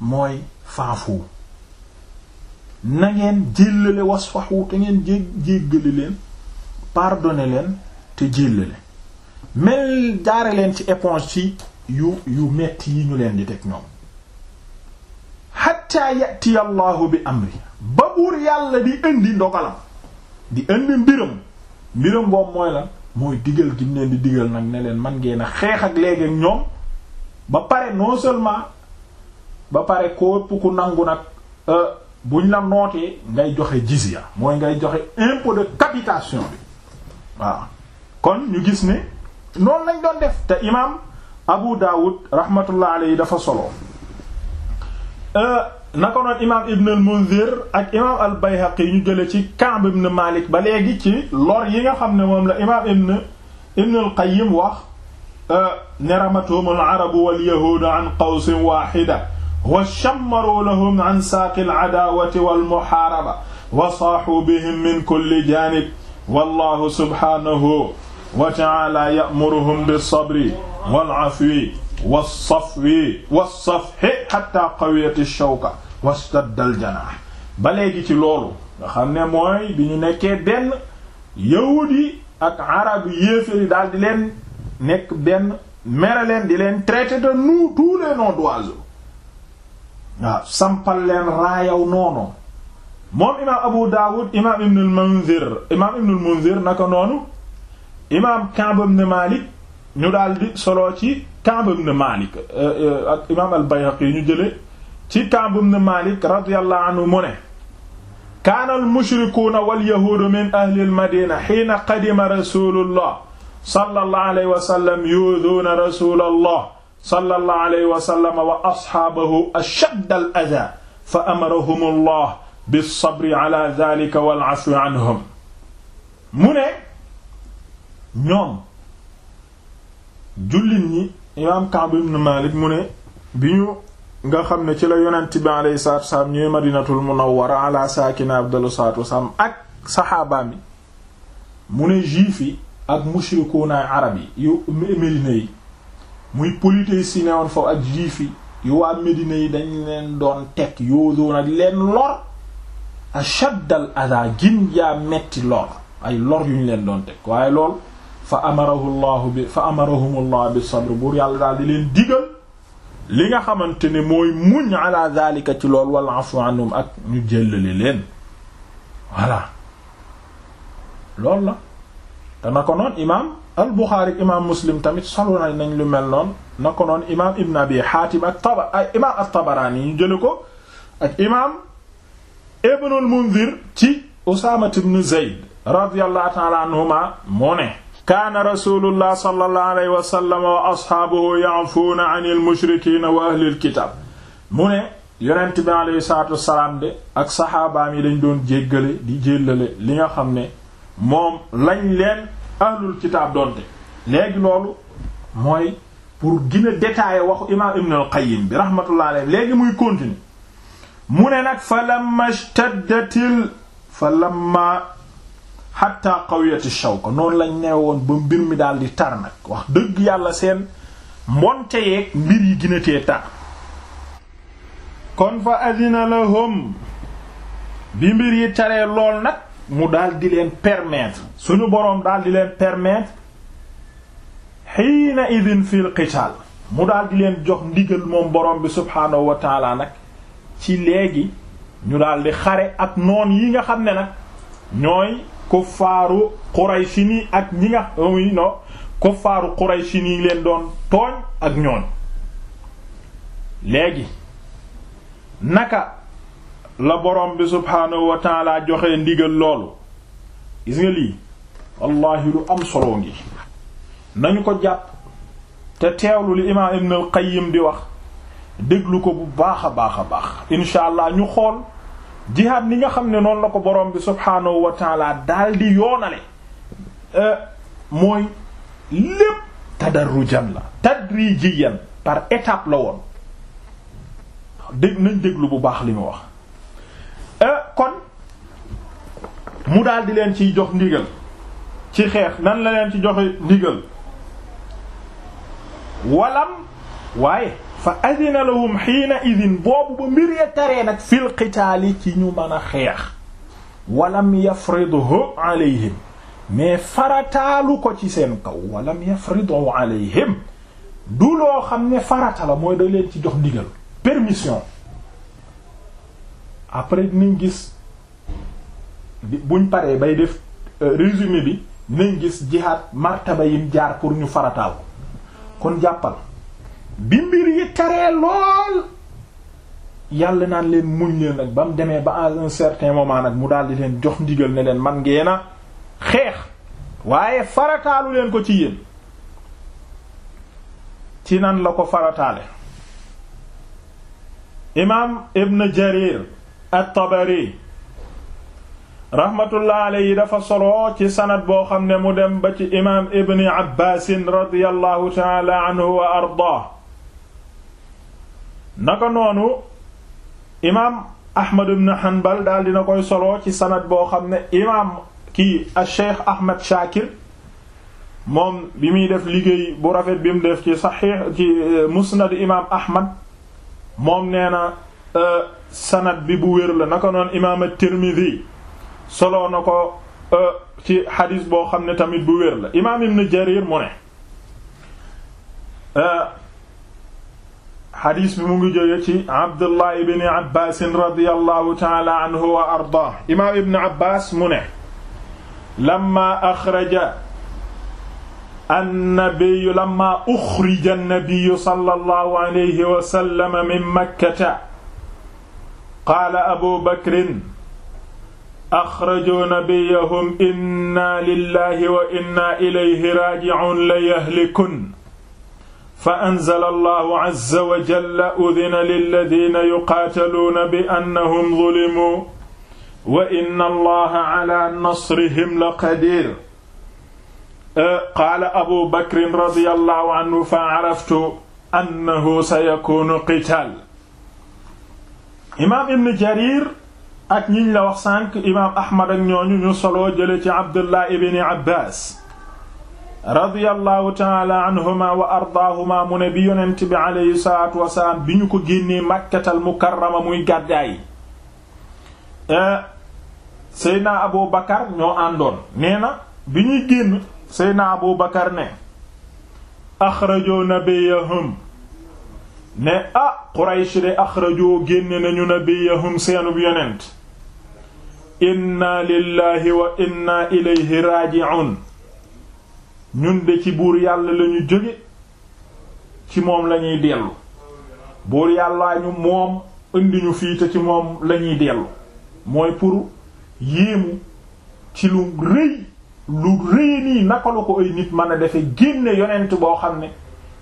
mooy faafu na ngeen was waxu te ngeen jég jéggale leen pardonné leen te jéllale mel jaare leen ci éponge ci yu yu metti yi ñu leen di teg ñoom hatta yatiy allahu bi amri ba buur yàlla di indi ndogalam di indi mbiram mbiram boobu mooy la mooy digal gi leen di digal nag ne leen man ngeen a xeex ak léegi ñoom ba pare noo seulement ba pare képp ku nangu nag euh, buñ la nootee ngay joxe ya mooy ngay joxe impôt de capitation bi waaw kon ñu gis ne noonu lañ doon def te imaam Abu Dawud rahmatullah alayhi dafa solo. Euh, naka noon imaam Ibn al-Munzir ak imaam al-Bayhaqi yi ñu jëlee ci Ka'b ibn Malik ba léegi ci lor yi nga xam ne moom la imaam Ibn Ibn al-Qayyim wax euh, ne ramatuhum al-arabu wal-yahuudu an qawsin waahida wa shammaru lahum an saaqi al-'adaawati wal-muhaaraba wa saahu bihim min kulli jaanib wallaahu subhaanahu wa ta'aalaa ya'muruhum bis-sabri wal-'afwi wasafwi wasafhi hatta qawiyati shawka wastaddal janaax ba léegi ci loolu nga xam ne mooy bi ñu nekkee benn yahud ak arab yéeféri daal di leen nekk benn mere di leen traité de nous tous les noms d'oiseaux waaw sampal leen raayaw noonu moom imaam Abu Dawud imaam Ibn al-Munzir imaam Ibn al-Munzir naka noonu imaam Ka'b ibn Malik ñu daal di solo ci Ka'b ibn Malik euh, euh, ak imaam al-Bayhaqi ñu jële ci Ka'b ibn Malik radiyallahu anhu mu ne kaana al-mushrikuuna wal-yahuudu min ahli al-madina hiina qadima rasulullah sallallahu alayhi wa sallam yu'dhuuna rasulallah sallallahu alayhi wa sallam wa ashaabahu ashadda al-adhaa fa amarahumullah bis-sabri ala dhaalika wal-'afwi anhum mu ne ñoom jullit ñi imaam Ka'b ibn Malik mu ne bi ñu nga xam ne ci la yonent bi alayhi salaatu wasalaam ñooy madinatul munawwara ala saakina afdalu salaatu wasalaam ak saxaabaa mi mu ne juif yi ak mushrikuuna arab yi yu Médina yi muy politéistes yi foofu ak juif yi yu waa Médina yi dañ leen doon teg yoodoon ak leen lor ashaddal adaa gin yaa metti lor ay lor yu ñu leen doon tek waaye lool fa amarahu llahu bi fa amarahum llah bi sabr daal di digal li nga xamante ne mooy muñ ala zalika ci lool wal afu anhum ak ñu jëllale leen voilà na ko noon imaam al imaam Muslim tamit solo nañ lu mel noonu noon imaam Ibn Abi Xaatim ak taba ay imaam ak imaam Ibnul Munzir ci Usaama ibn Zayd radiyallahu ta'ala anhuma moo kaana rasulullah sallallahu alayhi wa sallam wa asxaabuhu ya'fuuna anil mushrikiina wa ahlil kitaab mu ne yonent bi ak saxaabaam yi dañ doon jéggale di jéllale li nga xam ne moom lañ leen ahlul kitaab doonte léegi loolu mooy pour gën a détailler waxu imaam Ibn al-Qayyim bi rahmatullah alayhi léegi muy continuer mu ne nag fa lamma ishtaddatil fa lamma xatta qawiyati shawka noonu lañ nee ba mbir mi daal di tar nag wax dëgg yàlla seen mbonte yeeg mbir yi gën a tee tar kon fa adina lahum bi mbir yi taree lool nag mu daldi leen permettre suñu boroom daal leen permettre xiina idin fil qitaal mu daldi leen jox ndigal moom boroom bi subhaanahu nag ci léegi ñu daldi di xare ak noon yi nga xam ne nag ñooy kuffaaru Quraysh nii ak ñi nga muy no kuffaaru Quraysh leen doon tooñ ak ñoon léegi naka la borom bi subhaanahu wa joxe ndiga loolu gis nga lii lu am solo ngi nañu ko jàpp te teewlu li imaam Ibn al-Qayyim di wax déglu ko bu baax a baax a baax incha allah ñu xool. jihaad ni nga xam ne noonu la ko borom bi subhaanahu wa daal di yoonale euh, mooy lépp tadarrujan la tadrijiyan par étape la woon dégg nañ déglu bu baax li mu wax euh, kon mu daldi leen ciy jox ndigal ci xeex nan la leen ci joxe ndigal walam waaye fa adina lahum xiina idin boobu ba mbir ya taree nag fil qitaali ci ñu mën a xeex walam yafridhu alayhim mais farataalu ko ci seen kaw walam yafridhu alayhim du loo xam ne farata la mooy da leen ci jox ndigal permission après dinañ gis buñ paree bay def euh, résumé bi dinañ gis jihaad martaba yim jaar pour ñu farataal ko kon jàppal bi mbir yi taree lool yàlla naan leen muñ leen nag ba mu demee ba à un certain moment nag mu daal di leen jox ndigal ne leen man ngeen xeex waaye farataalu leen ko ci yéen ci nan la ko farataale imaam ibn jarir at-tabari rahmatullah alayhi dafa solo ci sanad boo xam ne mu dem ba ci imaam ibn abbasin radiyallahu taala anhu wa arda naka noonu imaam ahmad ibn hanbal daal dina koy solo ci sanad boo xam ne imaam kii a cheikh ahmad shaakir moom bi muy def liggéey bu rafet bi mu def ci saxiix ci euh, musnad imaam ahmad moom nee na euh, sanad bi bu wér la naka noon imaam at-tirmidhi solo na ko euh, ci xadis boo xam ne tamit bu wér la imaam ibn jarir mu ne xadiis bi mu ngi jóge ci abdullah ibni abbasin radiallahu taala anhu wa ardah imaam ibn abbas mu ne lamma axraja annabiyu lamma uxrija annabiyu sallallahu alayhi wa sallam min makkata qaala abu bakrin axrajuu nabiyahum inna lillahi wa inna ilayhi raaji'uun la yahlikun fa anzala allahu azza wa jalla udina lilladina yuqaataluuna bi annahum zulimuu wa inna allaha ala nasrihim la qadir qaala abu bakrin radiyallahu anhu fa araftu annahu sayakuunu qitaal imaam ibn jarir ak ñiñ la wax sànq imaam ahmad ak ñooñu ñu soloo jële ci abdullah ibni abbas radiyallahu taala anhuma wa ardaahuma mu ne bi yonent bi aleyhi salaatu wasalaam bi ñu ko génnee màkkatal mukarrama muy gàddaay eh, seydna abu bakar ñoo àndoon nee na bi ñuy génn seydna abu ne axrajoo nabiyahum ne ah quraysh de axrajoo génne nañu nabiyahum seenub yonent inna lillahi wa inna ilayhi raaji'un ñun de ci buur yàlla lañu jóge ci moom lañuy dellu buur yàllaa ñu moom indi ñu fii te ci moom lañuy dellu mooy pour yéemu ci lu rëy lu rëy nii naka la ko ay nit mën a defe génne yonent boo xam ne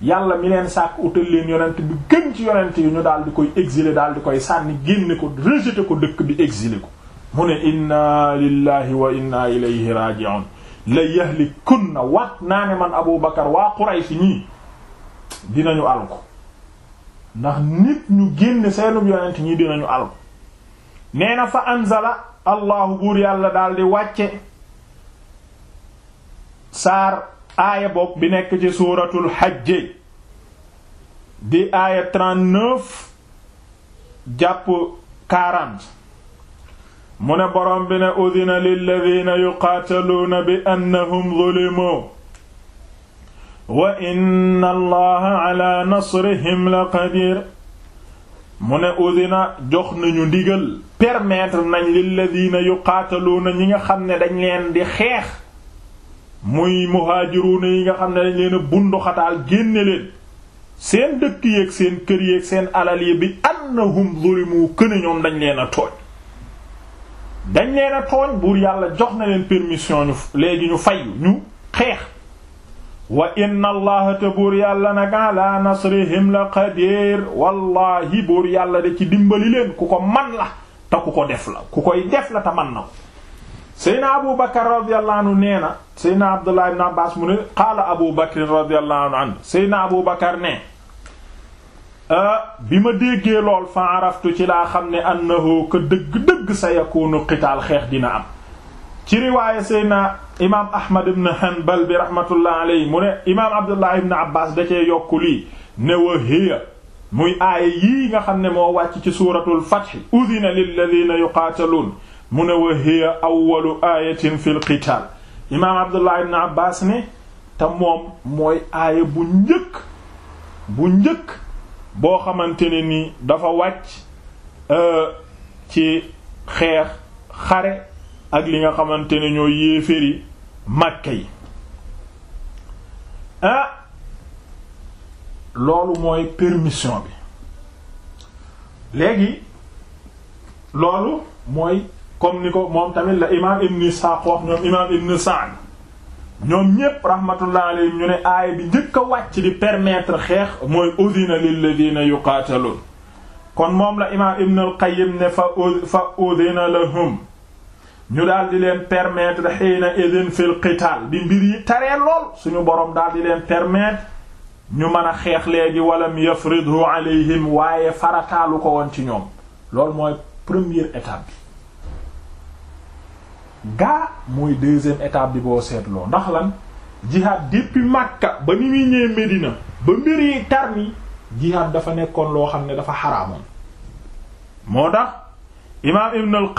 yàlla mi leen sàkk utal leen yonent bi gën ci yonent yi ñu daal di koy exiler daal di koy sànni génne ko rejeter ko dëkk bi exiler ko mu ne inna lillahi wa inna ilayhi raji'un la yahlikunna waat naa ne man Abu Bakar waa Quraysh ñii dinañu àlku ndax nit ñu génn seenub yonent ñii dinañu àlku nee na fa anzala allahu buur yàlla daal di wàcce saar aaya bopp bi nekk ci suuratul hajj di aaya jàpp 40 mu ne borom bi ne udina lilladina yuqaataluuna bi annahum zulimu wa inna allaha ala nasrihim la qadir mu ne udina jox nañu ndigal permettre nañ lilladina yuqaataluuna ñi nga xam ne dañ leen di xeex muy muhaajiruuna yi nga xam ne dañ leen bunduxataal génne leen seen dëkk yeeg seen kër yeeg seen alal yi bi annahum zulimu këne ñoom dañ leen a tooñ dañ leen tooñ buur yàlla jox na leen permission ñu léegi ñu fay ñu xeex wa inna allaha te buur yàlla nag ala nasrihim la qadir wallahi buur yàlla de ci dimbali leen ku ko man la te ku ko def la ku koy def la te man na ko seydna abu bakar radiyallahu anhu nee na seydna abu bakar ne Ah, bi ma déggee lool fa araftu ci laa xam ne annahu ka dëgg-dëgg sa yakunu qitaal xeex dina am ci riwaaya seydna imaam ahmad ibn hanbal bi rahmatullah alayhi mu ne imaam abdullah ibn abbas da cee yokku lii ne wa hiya muy aaya yii nga xam ne moo wàcc ci suuratul fath udina lilladina yuqaataluun mu ne wa hiya awwalu aayatin fil qitaal imaam abdullah ibn abbas ne te moom mooy aaya bu njëkk bu njëkk boo xamante ne ni dafa wàcc euh, ci xeex xare ak li nga xamante ne ñoo yéeféri Makka yi ah, loolu mooy permission bi léegi loolu mooy comme ni ko moom tamit la imaam Ibn Isaaq wax ñoom imaam Ibn Sa'd ñoom ñépp rahmatullah alayhim ñu ne aaya bi njëkk a wàcc di permettre xeex mooy udina lilladina yuqaataluun kon moom la imaam ibn qayyim ne fa fa la lahum ñu daal di leen permettre xiina idin fil qital bi mbir yi taree lool suñu boroom daal di leen permettre ñu mën a xeex léegi walam yafridhu alayhim waaye farataalu ko woon ci ñoom loolu mooy première étape bi gaa muy deuxième étape bi boo seetloo ndax lan jihad depuis Makka ba ni muy Medina ba mbir yi tar mi dafa nekkoon loo xam ne dafa xaraamoon moo tax imaam Ibn al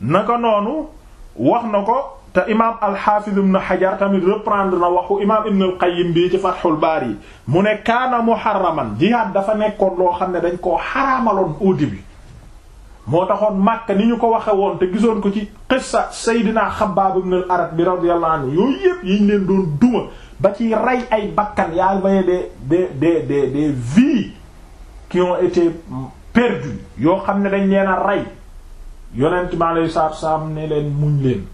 naka noonu wax na ko te imaam al-Hafiz Ibn Hajar tamit reprendre na waxu imaam Ibn al-Qayyim bii ci Fathul baar yi mu ne kaana muharraman jihad dafa nekkoon loo xam ne dañ koo xaraamaloon au bi moo taxoon Makka ni ñu ko waxe woon te gisoon ko ci qissa Seydina Xabbaab ibn al-Arat bi radiyallahu anhu yooyu yëpp yiñ leen doon duma ba ci rey ay bakkan yaa maye des des des des des vies qui ont été perdues yoo xam ne dañ leen a rey yonent mi alayhi salaatu salaam ne leen muñ leen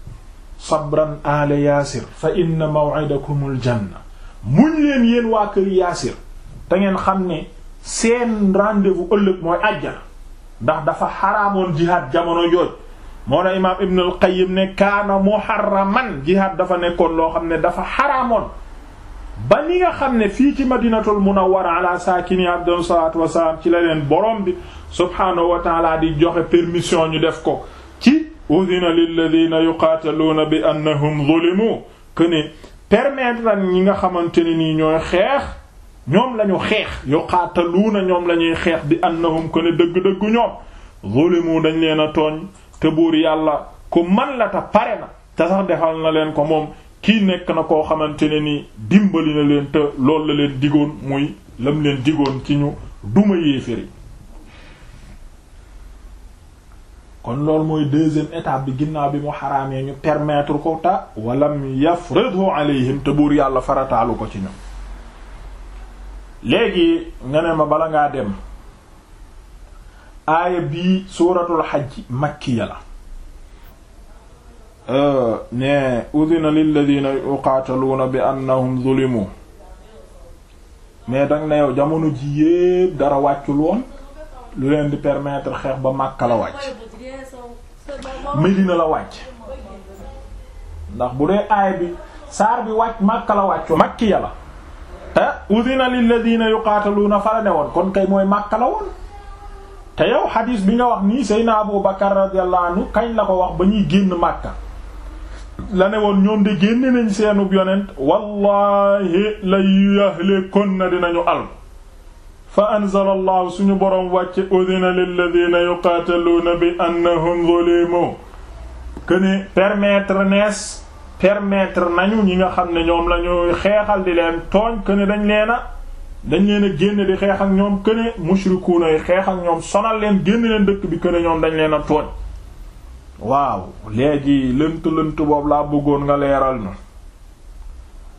sabran ala yaasir fa inna maw'idakumul janna muñ leen yéen waa kër yaasir te ngeen xam ne seen rendez ëllëg mooy àjjana ndax dafa xaraamoon jihaad jamono jooj moo na imaam Ibn al ne kaana muharraman jihaad dafa nekkoon loo xam ne dafa xaraamoon ba ni nga xam ne fii ci madinatul munawwara ala saakini abdon salatu wasalaam ci la leen borom bi subhaanahu wa di joxe permission ñu def ko ci udina lilladina yuqaataluuna bi annahum zulimu que ne permettre ñi nga xamante ne nii ñooy xeex ñoom lañu xeex na ñoom lañuy xeex bi annahum ko ne dëgg-dëggu ñoom zulimu dañ leen a tooñ te buur yàlla ku man la pare na te sax defal na leen ko moom kii nekk na koo xamante ne ni dimbali na leen te loolu la leen digoon muy lam leen digoon ci ñu duma yéeféri kon loolu mooy deuxième étape bi ginnaaw bi mu xaraamee ñu permettre ko ta walam yafridhu alayhim te buur yàlla farataalu ko ci ñoom léegi nga ne ma bala ngaa dem aaya bii suuratul xajj makkiya la euh, ne udina lilladina yuqaataluuna bi an annahum zulimu mais dang na yow jamono ji yépp dara wàccul woon lu leen di permettre xeex ba Makka la wàcc Medina la wàcc ndax bu dee aay bi saar bi wàcc Makka la wàcc makkiya la te eh? udina lilladina yuqaataluuna fa la ne woon kon kay mooy Makka la woon te yow xadiis bi nga wax nii Seydina Abu Bakar radiyallahu anhu kañ la ko wax ba ñuy génn Makka la ne woon ñoom di génne nañ seenub yonent wallahi la yahlikunna dinañu alku fa anzala allahu suñu borom wàcce udina lilladina yuqaataluuna bi annahum zulimu que ne permettre nees permettre nañu ñi nga xam ne ñoom la xeexal di leen tooñ que dañ leen a dañ leen a génn di xeex ak ñoom que ne mushrikuuna yi xeex ak ñoom sonal leen génn leen dëkk bi que ñoom dañ leen a tooñ waaw léegi lënt lënt boobu laa bëggoon nga leeral ñu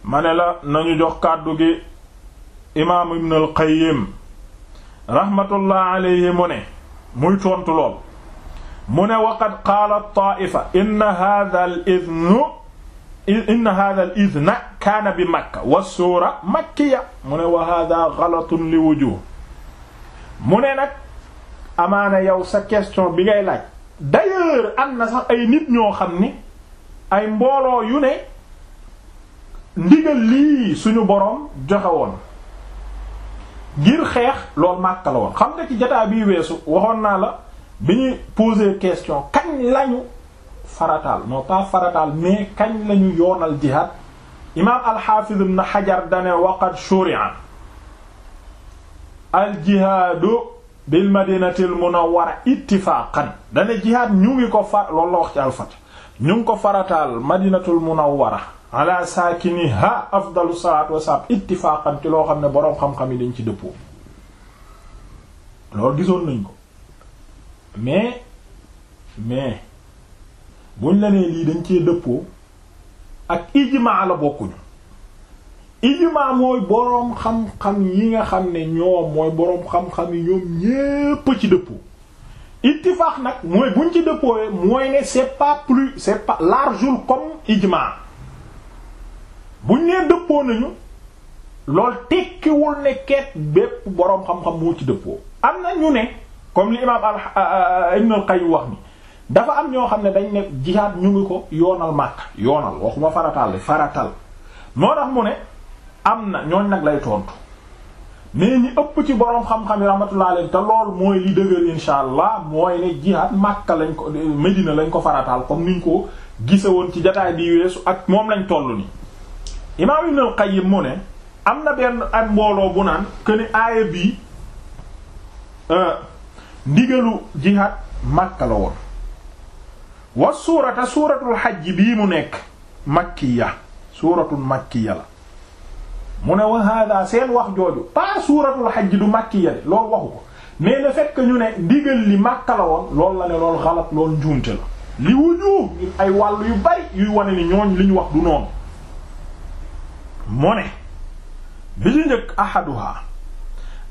ma ne la nañu jox kàddu gi imaam Ibn al-Qayyim rahmatullah alayhi mu ne muy tontu lool mu ne waqad qaala at-taa'ifa inna haadha al inna hadha al idna kaana bi makka wa suura makkiya mu ne wa hadha ghalatun li wujuh mu ne nag amaana yow sa question bi ngay laaj d'ailleurs am na sax ay nit ñoo xam ni ay mbooloo yu ne ndigal lii suñu boroom joxewoon gir xeex loolu màkka la woon xam nga ci jotaay bii weesu waxoon naa la bi ñuy poser question kañ lañu farataal non pas farataal mais kañ lañu yoonal jihaad imaam alxaafiz ibn xajar dane waqad shuri'a aljihaadu bil madinati munawwara ittifaaqan dane jihaad ñu ngi ko far loolu la wax ci alfat ñu ngi ko farataal madinatul munawwara ala saakiniha afdalu salaatu wasalaam ittifaaqan ci loo xam ne boroom xam-xam yi dañ ci dëppoo loolu gisoon nañ ko mais mais buñ la nee lii dañ cee dëppoo ak ijmaa la bokkuñu ijmaa mooy boroom xam-xam yi nga xam ne ñoom mooy boroom xam-xam yi ñoom ñépp ci dëppoo ittifaax nag mooy buñ ci dëppoowe mooy ne c'est pas plus c'est pas largul comme ijmaa buñ nee dëppoo nañu lool tekkiwul ne bépp boroom xam-xam moo ci dëppoo am na ñu ne comme li imaam al euh, euh, Ibn al-Qayyim wax ni dafa am ñoo xam ne dañ ne jihaad ñu ngi ko yoonal màkk yoonal waxuma faratal li faratal moo tax mu ne am na ñooñ nag lay tontu mais ñi ëpp ci borom xam-xam yi rahmatullah alayhi te lool mooy li dëgër insha allah mooy ne jihaad màkk lañ ko Medina lañ ko faratal comme niñ ko gise woon ci jataay bi weesu ak moom lañ toll ni imaam Ibn al-Qayyim mu ne am na benn ak mbooloo bu naan que ni aaya bii euh, ndigalu jihaad màkk la woon wa suurata suuratul xajj bii mu nekk makkiya suuratul makkiya la mu ne wa hada seen wax jooju pas suuratul xajj du makkiya de loolu waxu ko mais le ñu ne ndigal li Makka la woon loolu la ne loolu xalat loolu njuumte la li wujuub ay wàll yu bari yuy wane ni ñooñ li ñu wax du noonu mu ne bi ñu njëkk ahaduha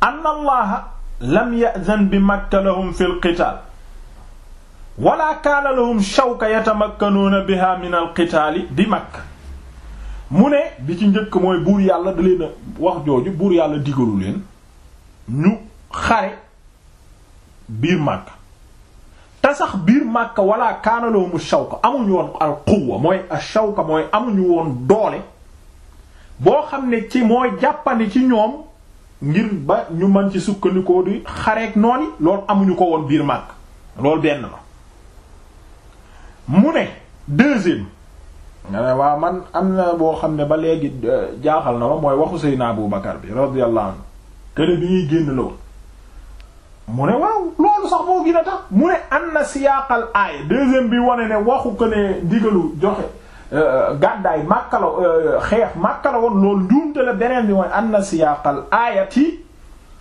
anna allaha lam ya'zan bi Makka lahum fil qitaal wala kaana lahum shawka yatamakkanuuna biha min alqitaali bi makk mu ne bi ci njëkk mooy buur yàlla da wax jooju buur yàlla digalu leen ñu xare biir màkk tasax biir màkk wala kaana lahum shawka amuñu woon al quwwa mooy shawka mooy amuñu woon doole boo xam ne ci mooy jàppandi ci ñoom ngir ba ñu mën ci sukkandikoo di xareek nooni lool amuñu ko woon biir màkk loolu benn la mu ne deuxième nga ne waa man am na boo xam ne ba léegi euh, jaaxal na ma mooy waxu Seydina Abu Bakar bi radiyallahu anhu këne bi ñuy génn la woon mu ne waaw loolu sax moo gën a tax mu ne am na siyaaqal aaya deuxième bi wane ne waxu ko ne digalu joxe euh, gàddaay Makka la euh, xeex Makka la woon loolu njuumte la beneen bi mooy am na siyaaqal aayati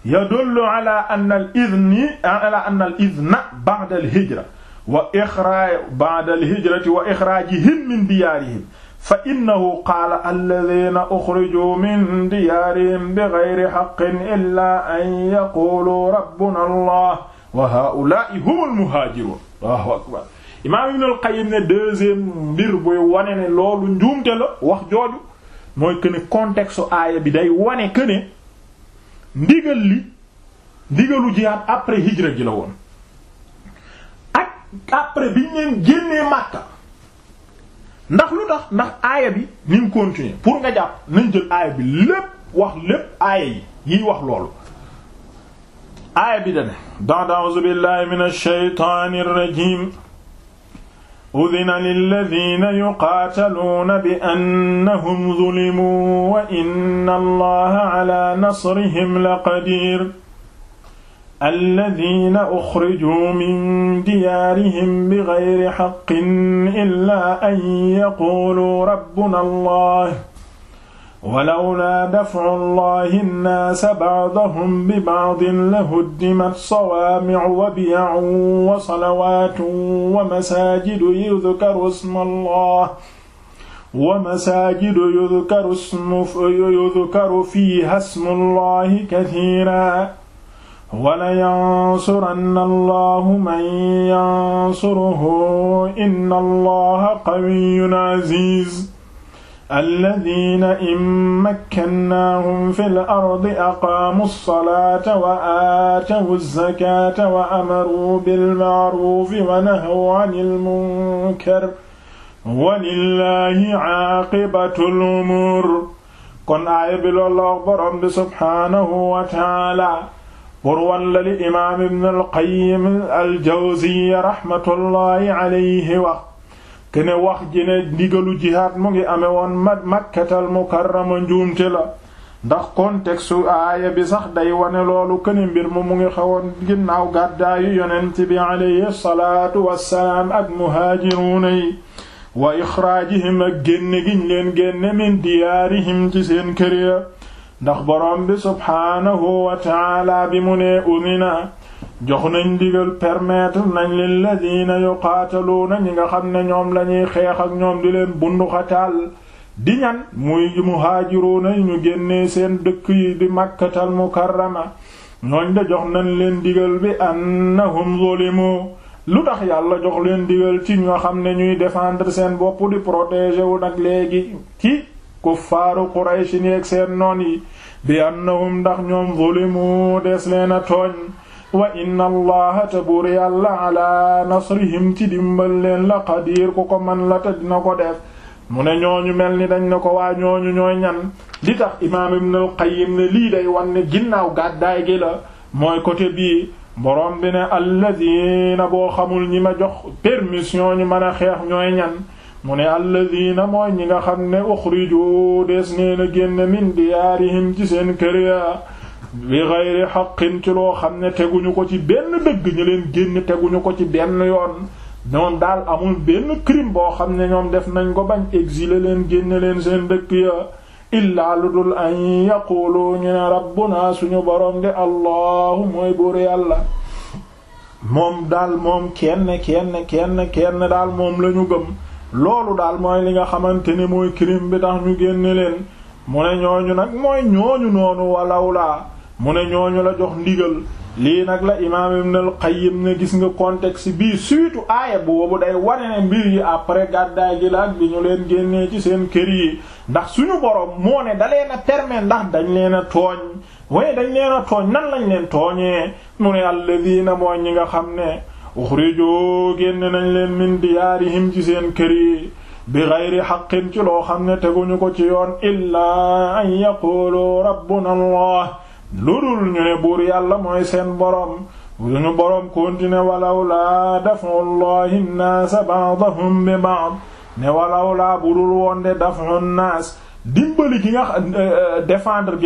yadullu ala anna al idni ala anna al idna ba'da al hijra wa ixraaj ba'da al-hijrati wa ixraajihim min diyaarihim fa innahu qaala alladhiina uxrijuu min diyaarihim bighayri haqqin illaa an yaquuluu rabbunaa Allah wa haa'ulaa'i humul muhaajiruun Allahu akbar imaam Ibn al-Qayyim ne deuxième mbir buy wane ne loolu njuumte la wax jooju mooy que ne contexte aaya bi day wane que ne ndigal li ndigalu jihaad après hijra ji la woon. après biñ leen génnee Makka ndax lu tax ndax aaya bi ni mu continuer pour nga jàpp nañ jël aaya bi lépp wax lépp aaya yi yiy wax loolu aaya bi dane dax a'uuzu billahi min ash-shaytaani rajim udina lilladina yuqaataluuna bi annahum zulimuu wa inna allaha ala nasrihim la qadir alladina uxrijuu min diyaarihim bigayri xaqin illaa an yaquuluu rabbuna allah walawlaa dafcu allahi nnaasa bacdahum bibacdin lahuddimat sawaamicu wa biyacun wa salawaatun wa masaajidu yudkaru smu allah wa masaajidu yudkaru smu yudkaru fiiha smu allahi kasiiran wala yansuranna allahu man yansuruhu inna allaha qawiyyun aziz alladina in makkannaahum fi l ardi aqaamu alsalata wa aatawu zakata wa amaruu bilmaarufi wa nahaw an ilmunkar walillahi caaqibatu lumuur kon aaya bi loolu la wax boroom bi subhaanahu wa taala pour wan la li imaam ibn al-Qayyim al-Jawziyya rahmatullahi wax kene wax ji ne ndigalu jihaad mu ngi amee woon ma Makkatal Mukarrama njuumte la ndax contexte aaya bi sax day wane loolu kene mbir mu mu ngi xewoon ginnaaw gàddaayu yonent bi alayhi salaatu wassalaam ak muhaajiruuna yi wa ixraajihim ak génne giñ leen génne min diyaarihim ci seen kër ya ndax borom bi subhaanahu wa taala bi mu nee na jox nañ digal permettre nañ lilladina yuqaataluuna ñi nga xam ne ñoom lañuy xeex ak ñoom di leen bunduxataal di ñan muy muhaajiruuna ñu génnee seen dëkk yi di màkkatal mukarrama ñooñ da jox nañ leen digal bi annahum zulimu lu tax yàlla jox leen digal ci ñoo xam ne ñuy défendre seen bopp di protéger wu nag léegi ci kuffaaru Quraysh ni ak seen noon yi bi annahum ndax ñoom zulimu des leen a tooñ wa inna allaha te buur yàlla ala nasrihim ci dimbal leen la qadir ku ko man la te ko def mu ne ñooñu mel ni dañ ne ko waa ñooñu ñooy ñan li tax imaam ibn al-qayyim ne lii day wan ginnaaw gàddaay gi la mooy côté bii borom bi ne alladina boo xamul ñi ma jox permission ñu mën xeex ñooy mu ne alladina mooy ñi nga xam ne uxrijoo des nee na génn min diyaarihim ci seen kër ya bi gayri xaqin ci loo xam ne teguñu ko ci benn dëgg ñu leen génn teguñu ko ci benn yoon ñoom daal amul benn crime boo xam ne ñoom def nañ ko bañ exilé leen génn leen seen dëkk ya illaa lu dul an ñu ne rabbuna suñu borom de allahu mooy buur yàlla moom daal moom kenn kenn kenn kenn daal moom lañu gëm loolu daal mooy li nga xamante ni mooy crime bi tax ñu génne leen mu ne ñooñu nag mooy ñooñu noonu walawlaa mu ne ñooñu la jox ndigal lii nag la imaam Ibn ne gis nga contexte bii surtout aaya boobu day wane ne mbir yi après gàddaay gi la bi ñu leen génnee ci seen kër yi ndax suñu borom moo ne da leen a ndax dañ leen a tooñ waaye dañ leen tooñ nan lañ leen tooñee mu ne alladhiina mooy ñi nga xam ne uxrijoo génn nañ leen min diyaarihim ci seen kër yi bi gayri xaqin ci loo xam ne teguñu ko ci yoon illaa an yaqulu rabbuna lu dul ñu ne buur yàlla mooy seen boroom suñu boroom kontine walaw laa dafu allahi nnaasa ba'dahum bi ba'd ne walaw laa bu dul woon de dafu dimbali gi nga euh, euh, défendre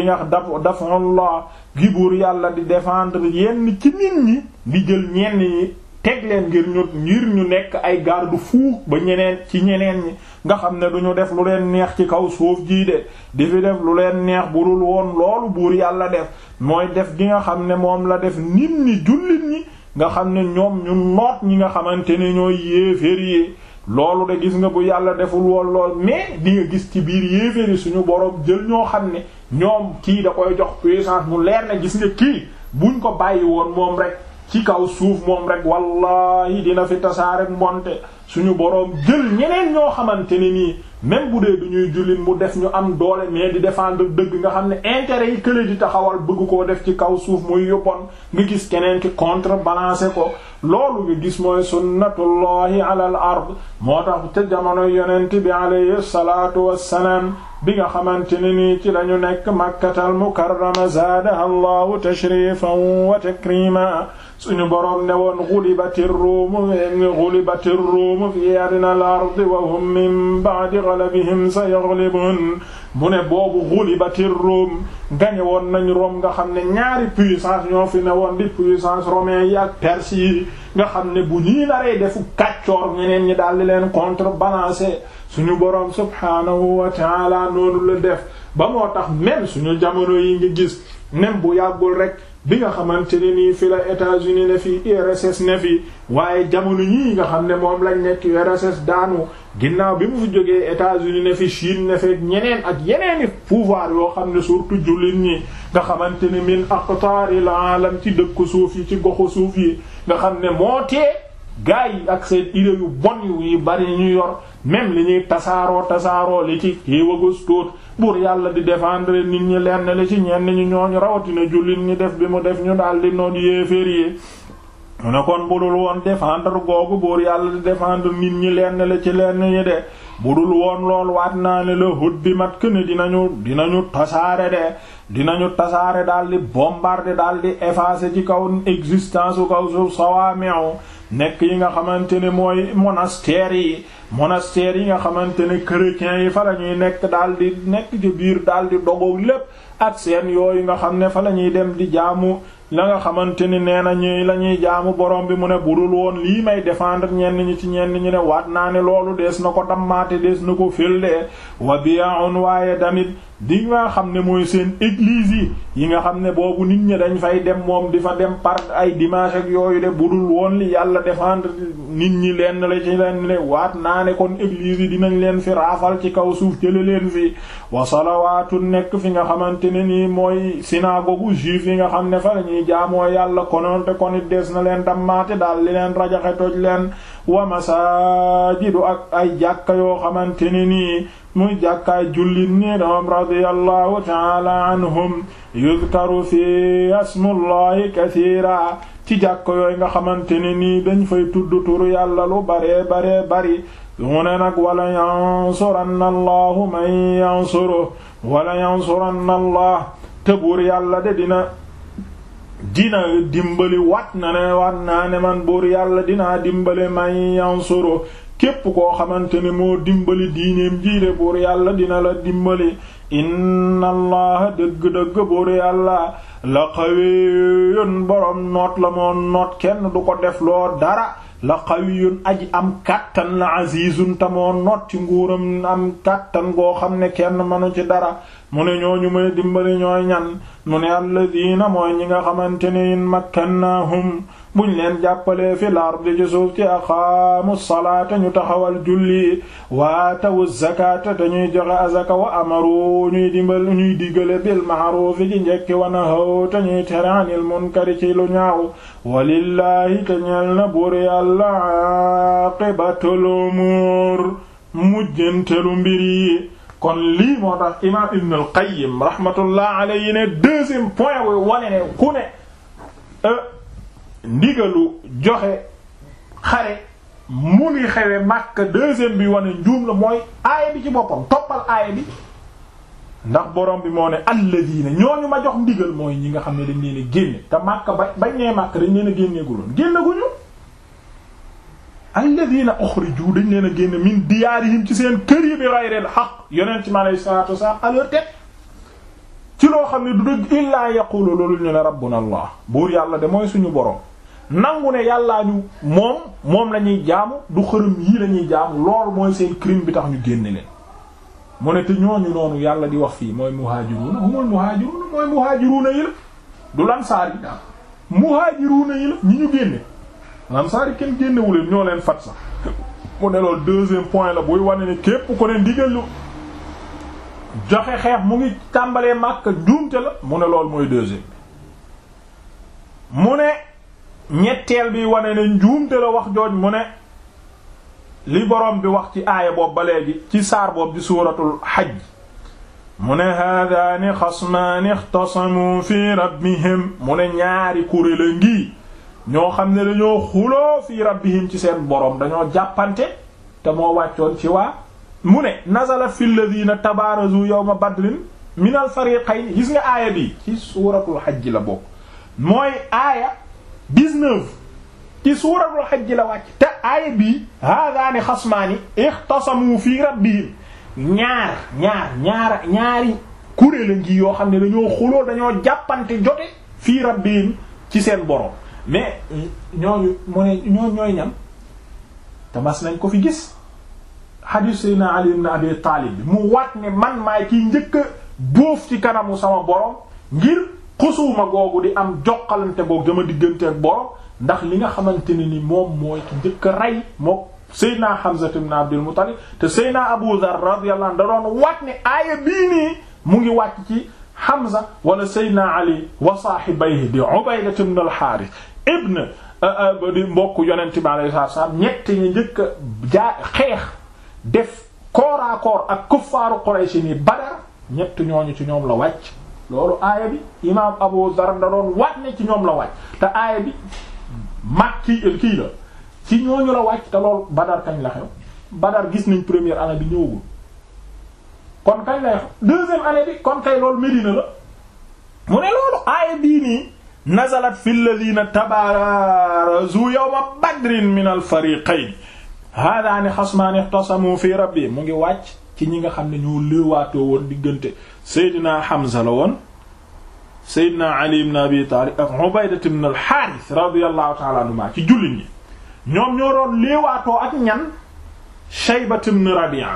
gi buur yàlla di défendre yenn ci nit ñi di jël ñenn yi teg leen ngir ñu ngir ñu nekk ay garde-fous ba ñeneen ci ñeneen ñi nga xam ne duñu def lu leen neex ci kaw suuf jii de di fi def lu leen neex bu dul woon loolu buur yàlla def mooy def gi nga xam ne moom la def nit ñi nga xam ne ñoom ñu noot ñi nga xamante ni ñooy yéeféer yi loolu de gis nga bu yàlla deful woon lool mais di nga gis ci biir yéeféer yi suñu boroom jël ñoo xam ne ñoom kii da koy jox puissance mu leer na gis nga kii buñ ko bàyyi woon moom rek ci kaw suuf moom rek wallahi dina fi tasaare mbonte suñu boroom jël ñeneen ñoo xamante ne nii même bu dee bi ñuy jullit mu def ñu am doole mais di défendre dëgg nga xam ne intérêt yi kële di taxawal bëgg koo def ci kaw suuf muy yóbboon nga gis keneen ki contrebalancer ko loolu nga gis mooy sunnatullahi ala al ard moo tax ca jamono yonent bi alayhi salaatu wassalaam bi nga xamante ne nii ci lañu nekk makkatal mukarrama zaadaha allahu tashrifan wa takrima suñu boroom ne woon xulibati ruumu xulibati ruumu fi adnal ardi wa hum min ba'di ghalabihim sayaghlibuun mu ne boobu xulibati ruum gañe woon nañ Rome nga xam ne ñaari puissance ñoo fi ne woon di puissance romain yi ak perse yi nga xam ne bu ñii naree defu kàccoor ñeneen ñi daldi leen su suñu boroom subhaanahu wa ta'ala noonu la def ba moo tax même suñu jamono yi nga gis même bu yàggul rek bi nga xamante ne nii fi la États-Unis ne fi URSS ne fi waaye jamono ñii nga xam ne moom lañ nekk URSS daanu ginnaaw bi mu fi jógee États-Unis ne fi Chine ne feek ñeneen ak yeneeni pouvoir yoo xam ne surtout jullit ñi nga xamante ne ni yi aqtaaril aalam ci dëkk suuf yi ci goxu suuf yi nga xam ne moo tee gars yi ak seen idée yu bon yu bari ñu yor même li ñuy tasaaroo tasaaroo li ci xéew agus buur yàlla di défendre nit ñi lenn li ci ñenn ñi ñooñu rawatina jullit ñi def bi mu def ñu daldi noon yéeféer yi mu ne kon budul woon défendre googu buur yàlla di défendre nit ñi lenn la ci lenn ñi de budul woon lool waat naa ne la mat këne dinañu dinañu tasaare de dinañu tasaare daldi bombarder daldi effacer ci kaw existence u kaw suuf sawaami'u nekk yi nga xamante ne mooy monastères yi monastères yi nga xamante ne chrétiens yi fa la ñuy nekk daal di nekk ci biir daal di dogoog lépp ak seen yooyu nga xam ne fa la ñuy dem di jaamu la nga xamante ni nee na ñuy la ñuy jaamu borom bi mu ne budul woon lii may défendre ñenn ñi ci ñenn ñu ne waat naa ne loolu dees na ko dammaate dees na ko fildee wa bi'un waaye damit di nga xam ne mooy seen église yi yi nga xam ne boobu nit ñi dañ fay dem moom di fa dem par ay dimanche yooyu de budul woon li yàlla défendre nit ñi lenn la naa ne kon église yi dinañ leen fi raafal ci kaw suuf jële leen fi wa salawaatu nekk fi nga xamante ne nii mooy synagogu juif yi nga xam ne fa la ñuy jaamoo yàlla kononte kon it des na leen dammaate daal li leen rajaxe toj leen wa masaajidu ak ay jàkka yoo xamante ne nii muy jàkkaay jullit ñi doom radiyallahu taala anhum yuzkaru fi asmullahi kathiira ci jàkk yooyu nga xamante ne nii dañ fay tudd turu yàlla lu baree baree bari mu ne nag wala yansuranna allahu man yansuru wala yansuranna allah te buur yàlla de dina dina dimbali wat na ne wat naa ne man buur yàlla dina dimbali man yansuru képp koo xamante ne moo dimbali diineem jiide buur yàlla dina la dimbali inna allaha dëgg-dëgg buur yàlla la xawiyyun boroom noot la moo noot kenn du ko def loo dara la qawiyun aji am kàttan la azizun tamoo not ci nguuram am kàttan goo xam ne kenn manu ci dara mu ne ñooñu may dimbali ñooy ñan mu ne alladina mooy ñi nga xamante ne in makkannahum buñ leen jàppalee fi lardi ci suuf ci aqaamu salaata ñu taxawal julli waa tawu zakata te ñuy joxe azaka wa amaru ñuy dimbal ñuy digale bil ma'rufi ci njekki wa nahaw te ñuy tere anil munkari ci lu ñaaw walillahi te ñeel na buur yàlla aqibatul umur mujjantelu kon lii moo tax imam ibn al rahmatullah alayhi ne deuxième wane ne ku ne euh, ndigalu joxe xare mu ngi xewe Makka deuxième bi wane njuum la mooy aaya bi ci boppam toppal aaya bi ndax borom bi moo ne alladina ñooñu ma jox ndigal mooy ñi nga xam ne dañ leen a génne te Makka ba bañ nee Makka dañ leen a génneeguloon génne guñu alladina ukhriju dañ leen a génne min diyaarihim ci seen kër yi bi ghayril haqq yonent mi alayhi salaatu wasalaam à leur ci loo xam ne du dëgg illaa yaqulu loolu ñu ne rabbuna allah buur yàlla de mooy suñu borom. nangu ne yàllaa ñu moom moom la ñuy jaamu du xërëm yii la ñuy jaamu lool mooy seen crime bi tax ñu génne leen mu ne te ñooñu noonu yàlla di wax fii mooy muhaajiruuna humul muhaajiruuna mooy muhaajiruuna yi la du lansaar yi daal muhaajiruuna yi la ñi ñu génne lansaar yi kenn génnewuleen ñoo leen fat sax mu ne loolu deuxième point la buy wane ne képp ko ne ndigal lu joxe xeex mu ngi tàmbalee màkk njuumte la mu ne loolu mooy deuxième mu ne ñetteel bi wane ne njuumte la wax jooj mu ne li boroom bi wax ci aaya boobu ba léegi ci saar boobu di suuratul xaj mu ne haadaani xasmaani ixtasamu fi rabbihim mu ne ñaari kuréel a ngi ñoo xam ne dañoo xuloo fi rabbihim ci seen boroom dañoo jàppante te moo wàccoon ci waa mu ne nazala fi lladina tabaarazu yawma badrin minal fariqayn gis nga aaya bi ci suuratul xaj la bokk mooy aaya dix-neuf ci suuratul xajj la wàcc te aaya bii haadaani xasmaani ixtasamu fii rabbihim ñaar ñaar ñaar ñaari kuréel a ngi yoo xam ne dañoo xuloo dañoo jàppante jote fii rabbihim ci seen borom mais ñooñu mu ne ñoo ñooy ñam te mas nañ ko fi gis hadith sayna Ali ibn Abi Talib bi mu waat ne man maay kiy njëkk a ci kanamu sama borom ngir xusuuma googu di am joxalante googu dama digganteeg borom ndax li nga xamante ne ni moom mooy ki njëkk a rey moom Seydina Hamza ibn mu Muttalib te Seydina Abu Dharr radiyallahu anhu da doon waat ne aaya mu ngi wàcc ci Hamza wala Seydina Ali wa saahibayhi di Ubayda ibn al ibn uh, uh, di mbokk yonent bi salaam ñett ñi njëkk a jaa xeex def corps à corps ak kuffaaru Quraysh ni Badar ñett ñooñu ci ñoom la wàcc. loolu aaya bi imaam Abu Zar da doon wàcc ci ñoom la wàcc te aaya bi mag kii eh, kii la ci ñooñu la wàcc te loolu Badar kañ la Badar gis nañ premier année bi ñëwagul kon kañ lay deuxième année bi kon kay loolu Medina la mu ne loolu aaya bii nii nazalat fi lladina tabaarazu yawma badrin min al fariqayn haadaani xasmaani fi rabbi mu ngi wàcc ci ñi nga xam ne ñoo léewaatoo woon diggante Seydina Hamza la woon Seydina Ali ibn Abi Talib ak Ubaydat ibn al-Harith radiyallahu ta'ala anhuma ci jullit ñi ñoom ñoo doon léewaatoo ak ñan Shaybat ibn Rabi'a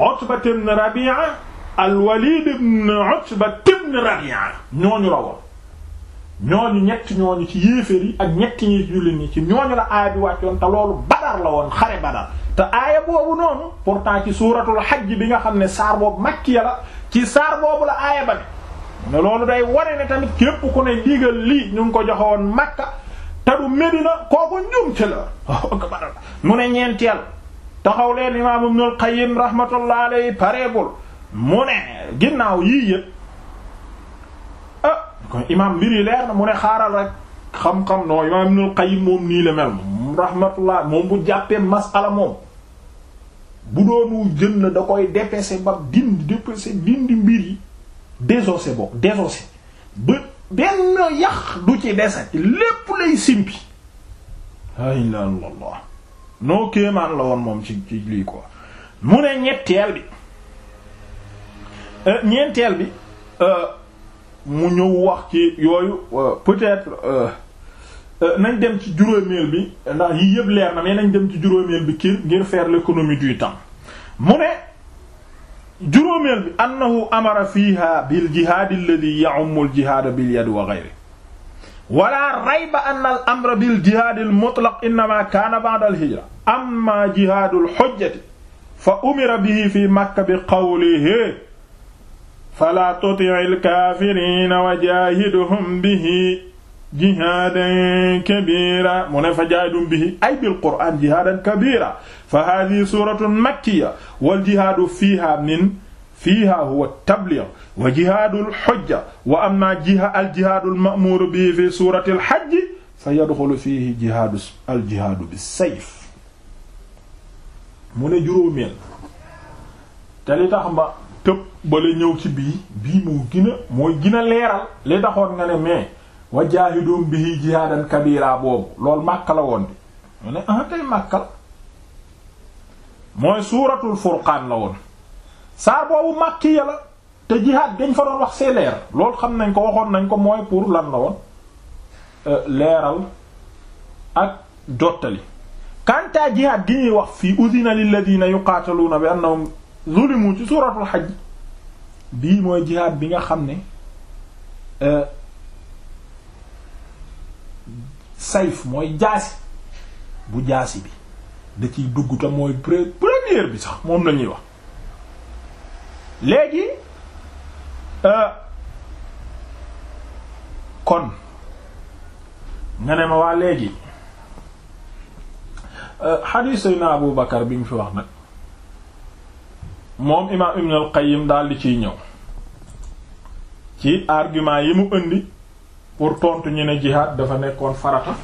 Utbat ibn Rabi'a al-Walid ibn Utbat la woon ñooñu ñett ñooñu ci yéeféer yi ak ñetti ñi jullit ñi ci ñooñu la aaya bi wàccoon te loolu Badar la woon xare Badar te aaya boobu noonu pourtant ci suuratul xajj bi nga xam ne saar boobu makkiya la ci saar boobu la aaya ba ne ne loolu day ware ne tamit képp ku ne digal lii ñu ngi ko joxewoon makka te du medina kooku njumte la mu ne ñeenteel taxaw leen imaam ibnul qayyim rahmatullah alayhi pareegul mu ne ginnaaw yii yëpp ah kon imaam mbir yi leer na mu ne xaaral rek xam-xam non imaam ibnul qayyim moom nii la mel moom rahmatullah moom bu jàppee masala moom bu doonu jën la da koy dépêcher ba dindi dépêcher dindi mbir yi désosser bokk désosser ba benn yax du ci desati lépp lay simpi la ilaha illallah noo kéemaan la woon moom ci ci lii quoi mu ne ñetteel bi euh, ñeenteel bi euh, mu ñëw wax ci yooyu euh, peut-être Euh, nañ dem ci juróomeel bi ndax yii yëpp leer na mais nañ dem ci juróomeel bi kii ngir faire l'économie du temps mu ne juróomeel bi annahu amara fiha bil jihaad alladhi ya'ummu al jihaad bil yad wa ghayri wala rayba anna al amra bil jihaad al mutlaq innama kaana ba'da al hijra amma jihaad al hujjati fa umira bihi fi makka bi qawlihi fala tuti'il kaafiriina wa jaahiduhum bihi jihaadan kabira mu ne bihi ay bil qur'aan jihaadan kabira fa haadihi suuratun makkiya wal jihaadu fiihaa min fiihaa huwa tabliig wa al jihaadul bihi fi suuratil hajj fa yadxulu fiihi al jihaadu bisayf mu ne juróomeel te li tax ba tëb bala ñëw ci bii moo gën leeral li taxoon nga ne wa jaahidum bi jihaadan kabira boobu loolu màkk la woon di mu ne ah mooy suuratul furqaan la woon saar boobu Makkiya la te jihaad dañ fa doon wax see leer loolu xam nañ ko waxoon nañ ko mooy pour lan la woon euh, leeral ak jottali kanta jihaad gi ñuy wax fii udina lilladina yuqaataluuna bi annahum zulimu ci suuratul xaj bii mooy jihaad bi nga xam ne euh, sayf mooy jaasi bu jaasi bi da ciy dugg mooy pre première bi sax moom lañuy wax léegi euh, kon nga ne ma waa léegi euh, xadiis sayna Abu Bakar bi ñu fi wax nag moom imaam Ibn al-Qayyim daal di ciy ñëw ci argument yi mu indi pour tontu ñu ne jihad dafa nekkoon farata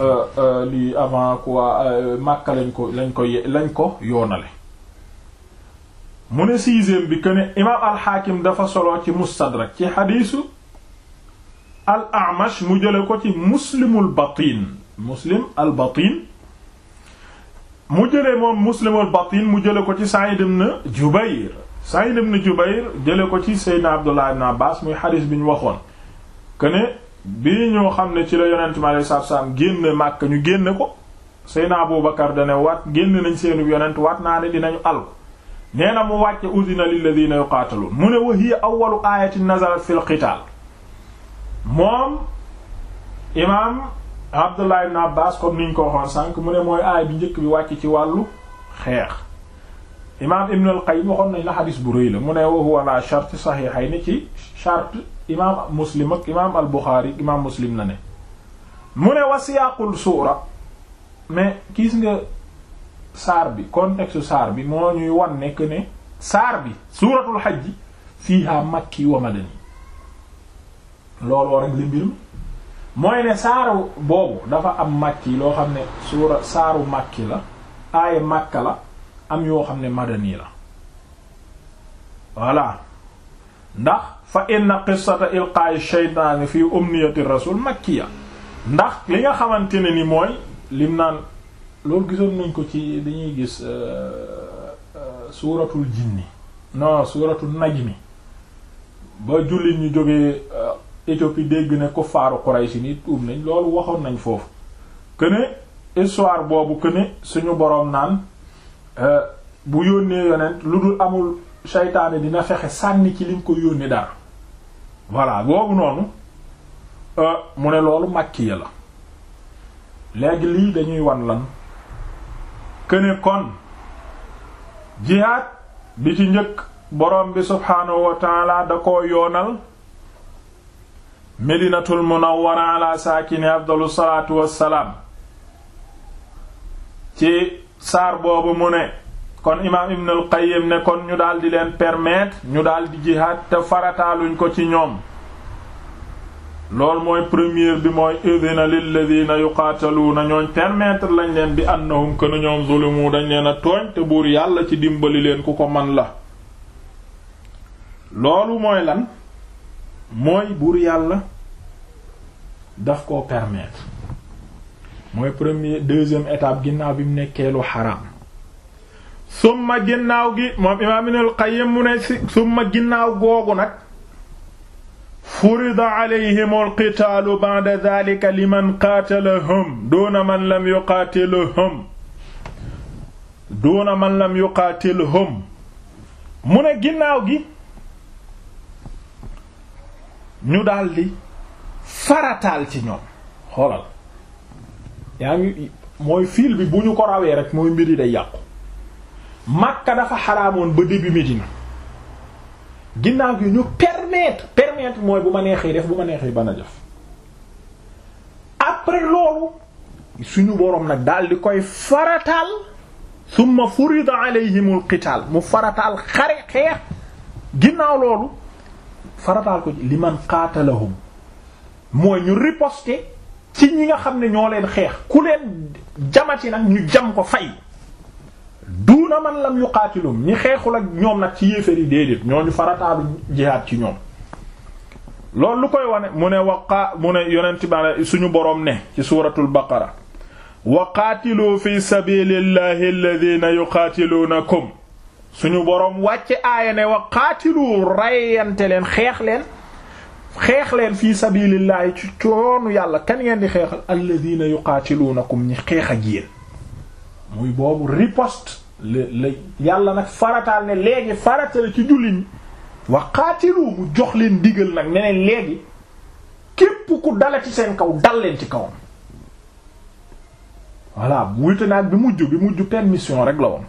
euh, euh, lii avant quoi euh, Makka lañ ko lañ ko lañ ko yoonale mu ne sixième bi que ne imaam al-Hakim dafa solo ci mustadrak ci xadiisu al-A'mash mu jële ko ci muslimul batin muslim al batin mu jëlee moom muslimul batin mu jële ko ci Sa'id ibn Jubayr Sa'id ibn Jubayr jële ko ci Seydina Abdullah ibn Abbas muy xadiis bi ñu waxoon ne bi ñoo xam ne ci la yonent mi alayhi salaatu génn Makka ñu génn ko Seydina Abu Bakar dane waat génn nañ seenu yonent wat naa ne dinañu al nee na mu wàcce udina lilladina yuqaataluun mu ne wa hiya awwalu ayatin nazalat fil qitaal moom imaam Abdullah ibn Abbas ko waxoon sànq mu ne mooy aaya bi njëkk bi wàcc ci wàllu xeex imaam Ibn al-Qayyim waxoon nañ la xadis bu rëy la mu ne wa huwa la charte saxiixayni ci charte imaam muslim ak imaam al buxaari imaam muslim la ne mu ne wa siyaaqul suura mais gis nga saar bi contexte saar bi moo ñuy wan ne ne saar bi suuratul xaj fiiha makki wa madani loolu war ak li mooy ne saaru boobu dafa am makki loo xam ne suura saaru makki la aaya makka la am yoo xam ne madani la voilà ndax fa inna qissata ilqaa'i shaytaani fi umniyati rasul makkiya ndax li nga xamante ne ni mooy lim naan loolu gisoon nañ ko ci dañuy gis euh, euh, suuratul jinni non suuratul najmi ba jullit ñu jógee euh, Éthiopie dégg ne ko faaru Quraysh ni tuub nañ loolu waxoon nañ foofu que ne histoire boobu que ne suñu boroom naan bu yónnee yonent lu dul amul seytaane dina fexe sànni ci liñ ko yónni daal voilà boobu noonu euh, mu ne loolu makkiya la léegi lii dañuy won lan këne kon jihaad bi ci njëkk borom bi subhaanahu wa taala da ko yoonal medinatul munawwara ala saakini afdalu salaatu wassalaam ci saar boobu mu ne kon imaam Ibn al-Qayyim ne kon ñu daal di leen permetre ñu daal di jihaad te farataaluñ ko ci ñoom loolu mooy premier bi mooy udina lilladina yuqaataluuna ñooñ permetre lañ leen bi annahum kuena ñoom zulumu dañ leen a tooñ te buur yàlla ci dimbali leen ku ko man la loolu mooy lan mooy buur yàlla daf ko permettre mooy premier deuxième étape ginnaaw bi mu nekkee lu xaraam summa ginnaaw gi moom imaam Ibnul mu ne summa ginnaaw googu nag furida alayhimul qitaalu ba'da dhaalika liman man lam duuna man lam yuqaatilhum mu ne ginnaaw gi ñu daldi farataal ci ñoom bi bu ñu ko rawee Makka dafa xaraamoon ba début Médina ginnaaw gi ñu permettre permettre mooy bu ma neexee def bu ma neexee bana def après loolu suñu boroom nag daal di koy farataal suma furida alayhimul qitaal mu farataal xare xeex ginnaaw loolu farataal ko li man qaatalahum mooy ñu riposte ci ñi nga xam ne ñoo leen xeex ku leen jamati nag ñu jam ko fay na man lam yuqaatilum ñi xeexul ak ñoom nag ci yéeféer yi déedéet ñooñu farataalu jihaad ci ñoom loolu lu koy wane mu ne waqa mu ne yonent bi suñu boroom ne ci suuratul baqara wa qaatilu fi sabilillahi alladhina yuqaatiluunakum suñu boroom wàcce aaya ne wa qaatilu rayante leen xeex leen xeex leen fii sabilillahi ci coonu yàlla kan ngeen di xeexal alladhina yuqaatiluunakum ñi xeex ak yéen muy boobu riposte le la yàlla nag farataal ne léegi faratal ci jullit ñi wa qaatilu mu jox leen digal nag ne leen léegi képp ku dala ci seen kaw dal leen ci kawam voilà wute naag bi mujj bi mujj permission rek la woon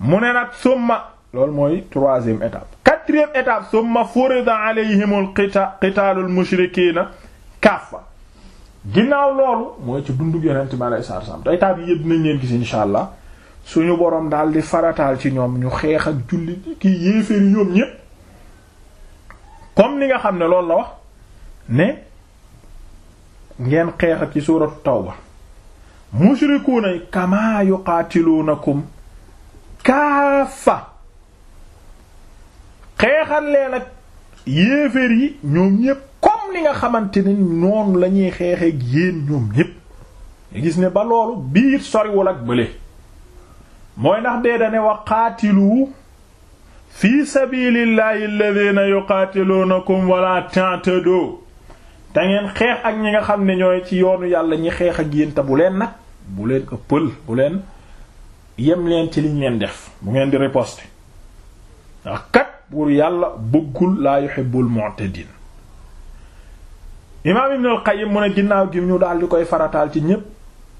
mu ne nag summa loolu mooy troisième étape quatrième étape summa furida alayhimul qita qitaalul mushrikiina kaffa ginnaaw loolu mooy ci dundug yonent bi alayhi salaatu wa salaam te étape yi yëpp nañ leen gis insha allah suñu boroom daal farataal ci ñoom ñu xeex ak julli ki yéeféeri ñoom ñépp nga xam ne loolu la ne ngeen xeex ak ci suuratu tawba mushrikuuna kama yuqaatiluunakum kaafa xeexal leen ak yéeféer yi ñoom ñépp comme ni nga xamante ni noonu lañuy ñuy xeexeeg yéen ñoom ñépp gis ne ba loolu biir soriwul ak bële mooy ndax dee dane wa qaatilu fi sabilillahi alladhina yuqatilunakum wala ta'tadu te ngeen xeex ak ñi nga xam ne ñooy ci yoonu yàlla ñi xeex ak yéen bu leen nag bu leen ëppal bu leen yem leen ci liñ leen def bu ngeen di riposter ndax kat buur yàlla bëggul laa yuhibbul mu'tadin imaam Ibn al-Qayyim ginnaaw gi ñu daal di koy farataal ci ñépp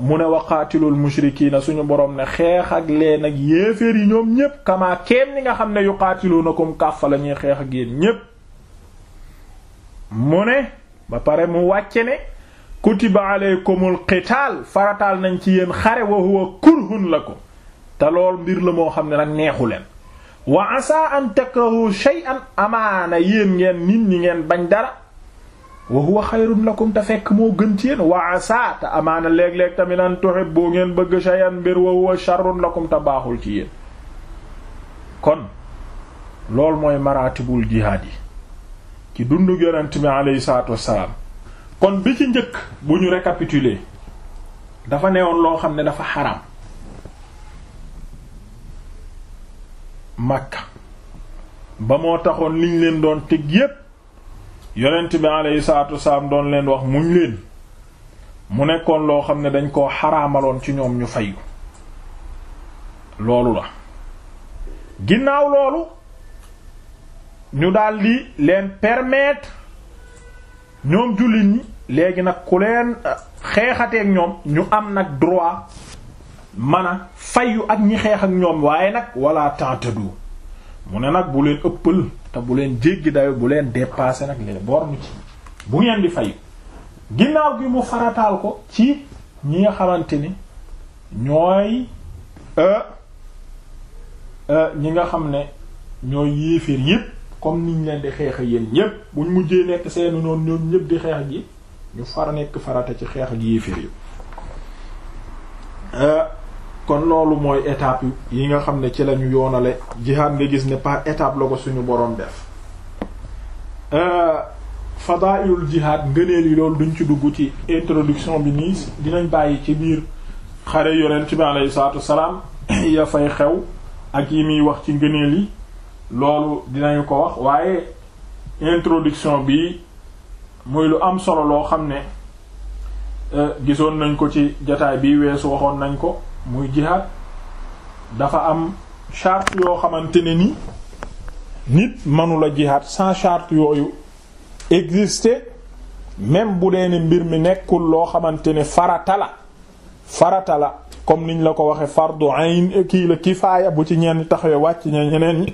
mu ne waqaatilul mushrikiina suñu boroom ne xeex ak leen ak yéeféer yi ñoom ñépp kamaa kenn ni nga xam ne yuqaatiluunakum kàffa la ñuy xeex ak yéen ñépp mu ne ba pare mu wàcce ne kutiba aleykumul qitaal farataal nañ ci yéen xare wa huwa kurhun lakum te lool mbir la moo xam ne nag neexu leen wa asa an takrahu shay'an amaana yéen ngeen nit ñi ngeen bañ dara wa huwa xayrun lakum fekk moo gën ci yéen wa asaa te amaana léeg-léeg tamit an tuhibbu ngeen bëgg shay'an mbir wa huwa sharrun lakum baaxul ci yéen kon loolu mooy maratibul jihaad yi ci dund yonent bi alayhi salaatu wassalaam kon bi ci njëkk bu ñu récapituler dafa newoon loo xam ne dafa xaram Makka ba moo taxoon liñ leen doon teg yépp yonent bi aleyhi salaatu doon leen wax muñ leen mu nekkoon loo xam ne dañ ko xaraamaloon ci ñoom ñu fayu loolu la ginnaaw loolu ñu daldi leen permettre ñoom jullit ñi léegi nag ku leen euh, xeexateeg ñoom ñu am nag droit mën a fayu ak ñi xeex ak ñoom waaye nag wala tentadu mu ne nag bu leen ëppal te bu leen jéggi dayo bu leen dépasser nag les bornes ci bu ngeen di fay ginnaaw gi mu farataal ko ci ñi nga xamante ni ñooy euh, euh, ñi nga xam ne ñooy yéeféer yépp comme niñ leen di xeex yéen ñépp buñ mujjee nekk seeni noonu ñoom ñépp di xeex ji ñu far nekk farata ci xeex ak yéeféer yi euh, kon loolu mooy étape yi nga xam ne ci lañu yoonale jihaad nga gis ne par étape la ko suñu boroom def euh, fadailul jihaad ngëneel yi loolu duñ ci dugg ci introduction bi nii dinañ bàyyi ci biir xare yonent bi aleyhi salaatu wasalaam *coughs* ya fay xew ak yi muy wax ci ngëneel yi loolu dinañu ko wax waaye introduction bi muy lu am solo loo xam ne euh, gisoon nañ ko ci jataay bi weesu waxoon nañ ko muy jihaad dafa am charte yoo xamante ne ni nit manula jihaad sans charte yooyu exister même bu dee mbir mi nekkul loo xamante ne farata la farata la comme niñ la ko waxe fardu ayn kii la kifaaya bu ci ñenn taxawee wàcc na ñeneen ñi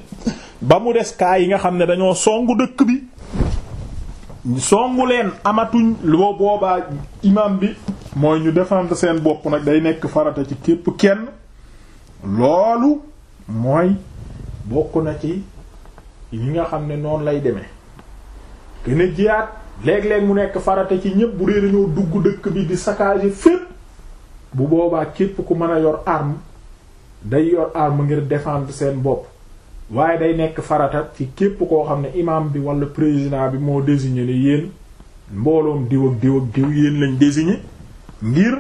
ba mu des kaa yi nga xam ne dañoo songu dëkk bi songu leen amatuñ lu boobaa imam bi mooy ñu défendre seen bopp nag day nekk farata ci képp kenn loolu mooy bokk na ci yi nga xam ne noonu lay demee gën a jiyaat léeg-léeg mu nekk farata ci ñépp bu dee dañoo dugg dëkk bi di saccager fépp bu boobaa képp ku mën a yor arme day yor arme ngir défendre seen bopp waaye day nekk farata ci képp koo xam ne imam bi wala président bi moo désigné ne yéen mbooloom diw ak diw ak diw yéen lañ désigné ngir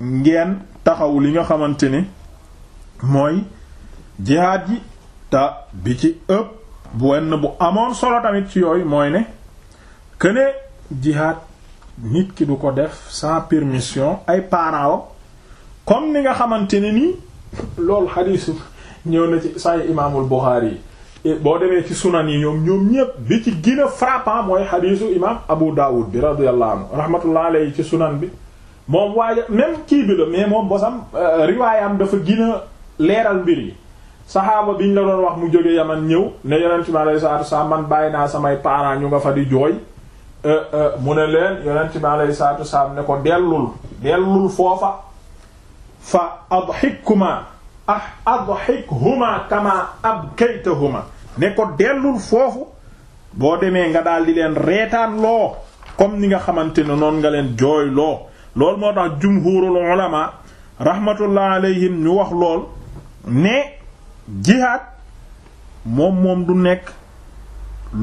ngeen taxaw li nga xamante ni mooy jihaad ji te bi ci ëpp wenn bu amoon solo tamit ci yooyu mooy ne këne jihaad nit ki du ko def sans permission ay parents comme ni nga xamante ne nii loolu xadiisu ñëw na ci say imaamul Buxaari yi boo demee ci sunan yi ñoom ñoom ñépp bi ci gën a mooy xadiisu imaam Abu Daawud bi radiyallahu anhu rahmatullahi alayhi ci sunan bi moom waa même kii bi la mais moom bosam euh, riwaayam dafa gën leeral mbir yi saxaaba biñ la doon wax mu jóge yaman ñëw ne yonent bi alayhi salaatu man bàyyi naa samay parents ñu nga fa di jooy euh, euh, mu ne leen yonent bi alayhi salaatu ne ko dellul dellul foofa fa adhikuma ah adhikhuma kama abkaytahuma ne ko dellul foofu boo demee nga daal di leen reetaan loo comme ni nga xamante ne noonu nga leen jooy loo loolu moo tax jumhurul ulama rahmatullah alayhim ñu wax lool ne jihaad moom moom du nekk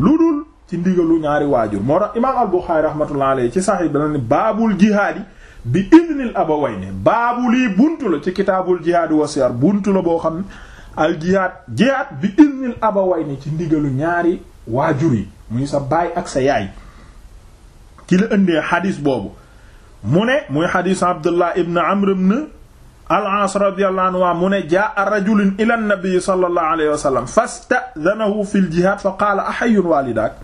lu dul ci ndigalu ñaari waajur moo tax imaam al-Bukhari rahmatullah alayhi ci sahih dana ne baabul jihaadi bi idnil abawayni baabu lii buntu la ci kitaabul jihaadi wa siyar buntu la boo xam ne al jihaad jihaad bi idnil abawayni ci ndigalu ñaari waajur yi muy sa baay ak sa yaay ci la ëndee xadiis boobu mu ne muy xadiis abdullah ibn amr ibn al-aas radiyallahu anhu mu ne jaa rajulun ila nabi sallallahu alayhi wa sallam fasta'dhanahu fil jihaad fa qaala ahayyun waalidaak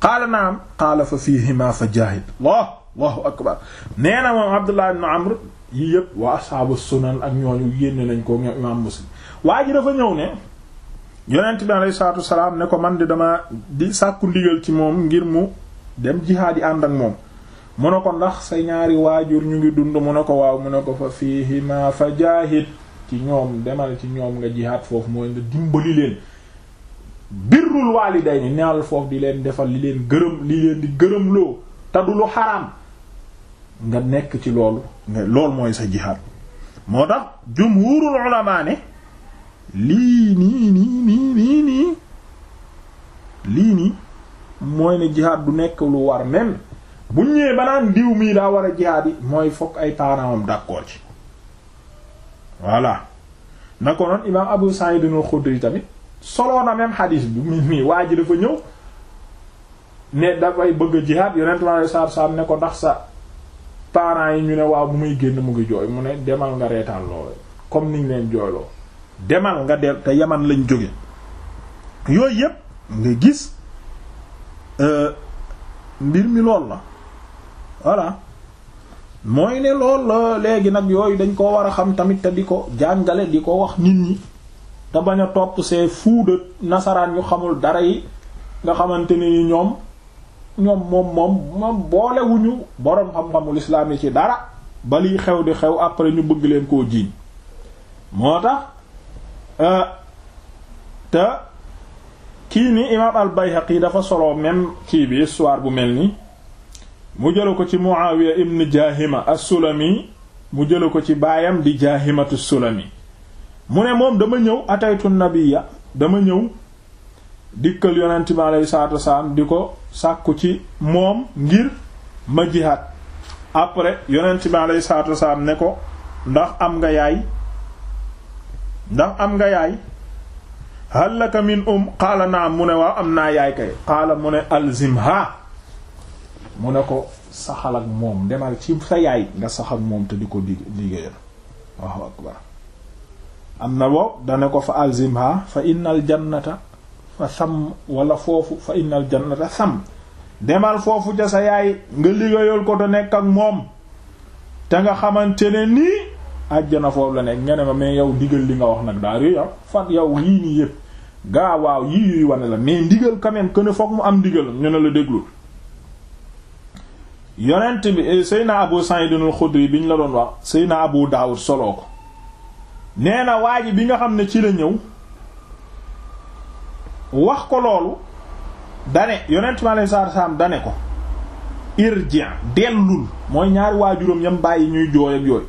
qaala na'am qaala fa fiihimaa fa jaahid allah allahu akbar nee na moom abdullah ibn amr yi yëpp waa ashaabu sunan ak ñooñu yénne nañ ko ñoom imaam muslim waa ji dafa ñëw ne yonent bi alayhi salaatu wasalaam ne ko man di dama di sàkku ndigal ci moom ngir mu dem jihaad yi ànd ak moom mu ne ko ndax sa ñaari waajur ñu ngi dund mu ne ko waaw mu ne ko fa fiihima fa jaahid ci ñoom demal ci ñoom nga jihaad foofu mooy nga dimbali leen birrul waalidayni neewal foofu di leen defal li leen gërëm li leen di gërëm loo te lu xaraam nga nekk ci lool nga loolu mooy sa jihaad moo tax jumhuurul ulamaa ne lii nii nii nii nii lii nii mooy ne jihaad du nekk lu war même bu ñëwee ba naan diw mii daa war a jihaad yi mooy fokk ay am d'accord ci voilà na ko noon imaam Abu Sa'id al-Khudri tamit soloo na même xadiis bi mi mii waa ji dafa ñëw ne dafay bëgg a jihaad yonent mi alayhi salaatu salaam ne ko ndax sa parent yi ñu ne waaw bu muy génn mu ngi jooy mu ne demal nga reetaan loolu comme niñ leen jooyloo demal nga del te yaman lañ jóge yooyu yépp nga gis euh, mbir mi lool la voilà mooy ne lool la léegi nag yooyu dañ koo war a xam tamit te di ko jàngale di ko wax nit ñi te bañ a topp ces fous nasaraan yu xamul dara yi nga xamante ni ñoom ñoom moom moom moom boolewuñu boroom xam-xamul islaam yi ci dara ba xew di xew après ñu bëgg leen koo jiiñ moo tax euh, te kii ni imaam al yi dafa solo même kii bi histoire bu mel nii mu jëla ko ci Muawiya ibn Jahima as-Sulami mu jëla ko ci baayam di Jahimatu Sulami mu ne moom dama ñëw ataytu nabiyya dama ñëw dikkal yonent bi alayhi salaatu wasalaam di ko sàkku ci moom ngir ma jihaad après yonent bi alayhi salaatu wasalaam ne ko ndax am nga yaay ndax am nga yaay hal laka min um qaala naam mu ne waaw am naa yaay kay qaala mu ne alzimha mu ne ko saxal ak moom demal ci sa yaay nga sax ak moom te di ko di liggéeyal waaw akbar am na boobu dane ko fa alzimha fa innal jannata fa sam wala foofu fa innal jannata sam demal foofu ja sa yaay nga liggéeyal ko te nekk ak moom te nga xamante ne nii àjjana foofu la nekk nga ne ma mais yow ndigal li nga wax nag daa réya ah. fat yow yii nii yëpp gaa waaw yii yuy wane la mais ndigal quand même que ne foog mu am ndigal ñu ne la déglu yonent bi eh, Seyna Abu Sa'id al bi ñu la doon wax Seyna Abu Dawud soloo ko nee na waa ji bi nga xam ne ci la ñëw wax ko loolu dane yonent bi alayhi salaatu dane ko irji' dellul mooy ñaari waajuram yam bàyyi ñuy jooy ak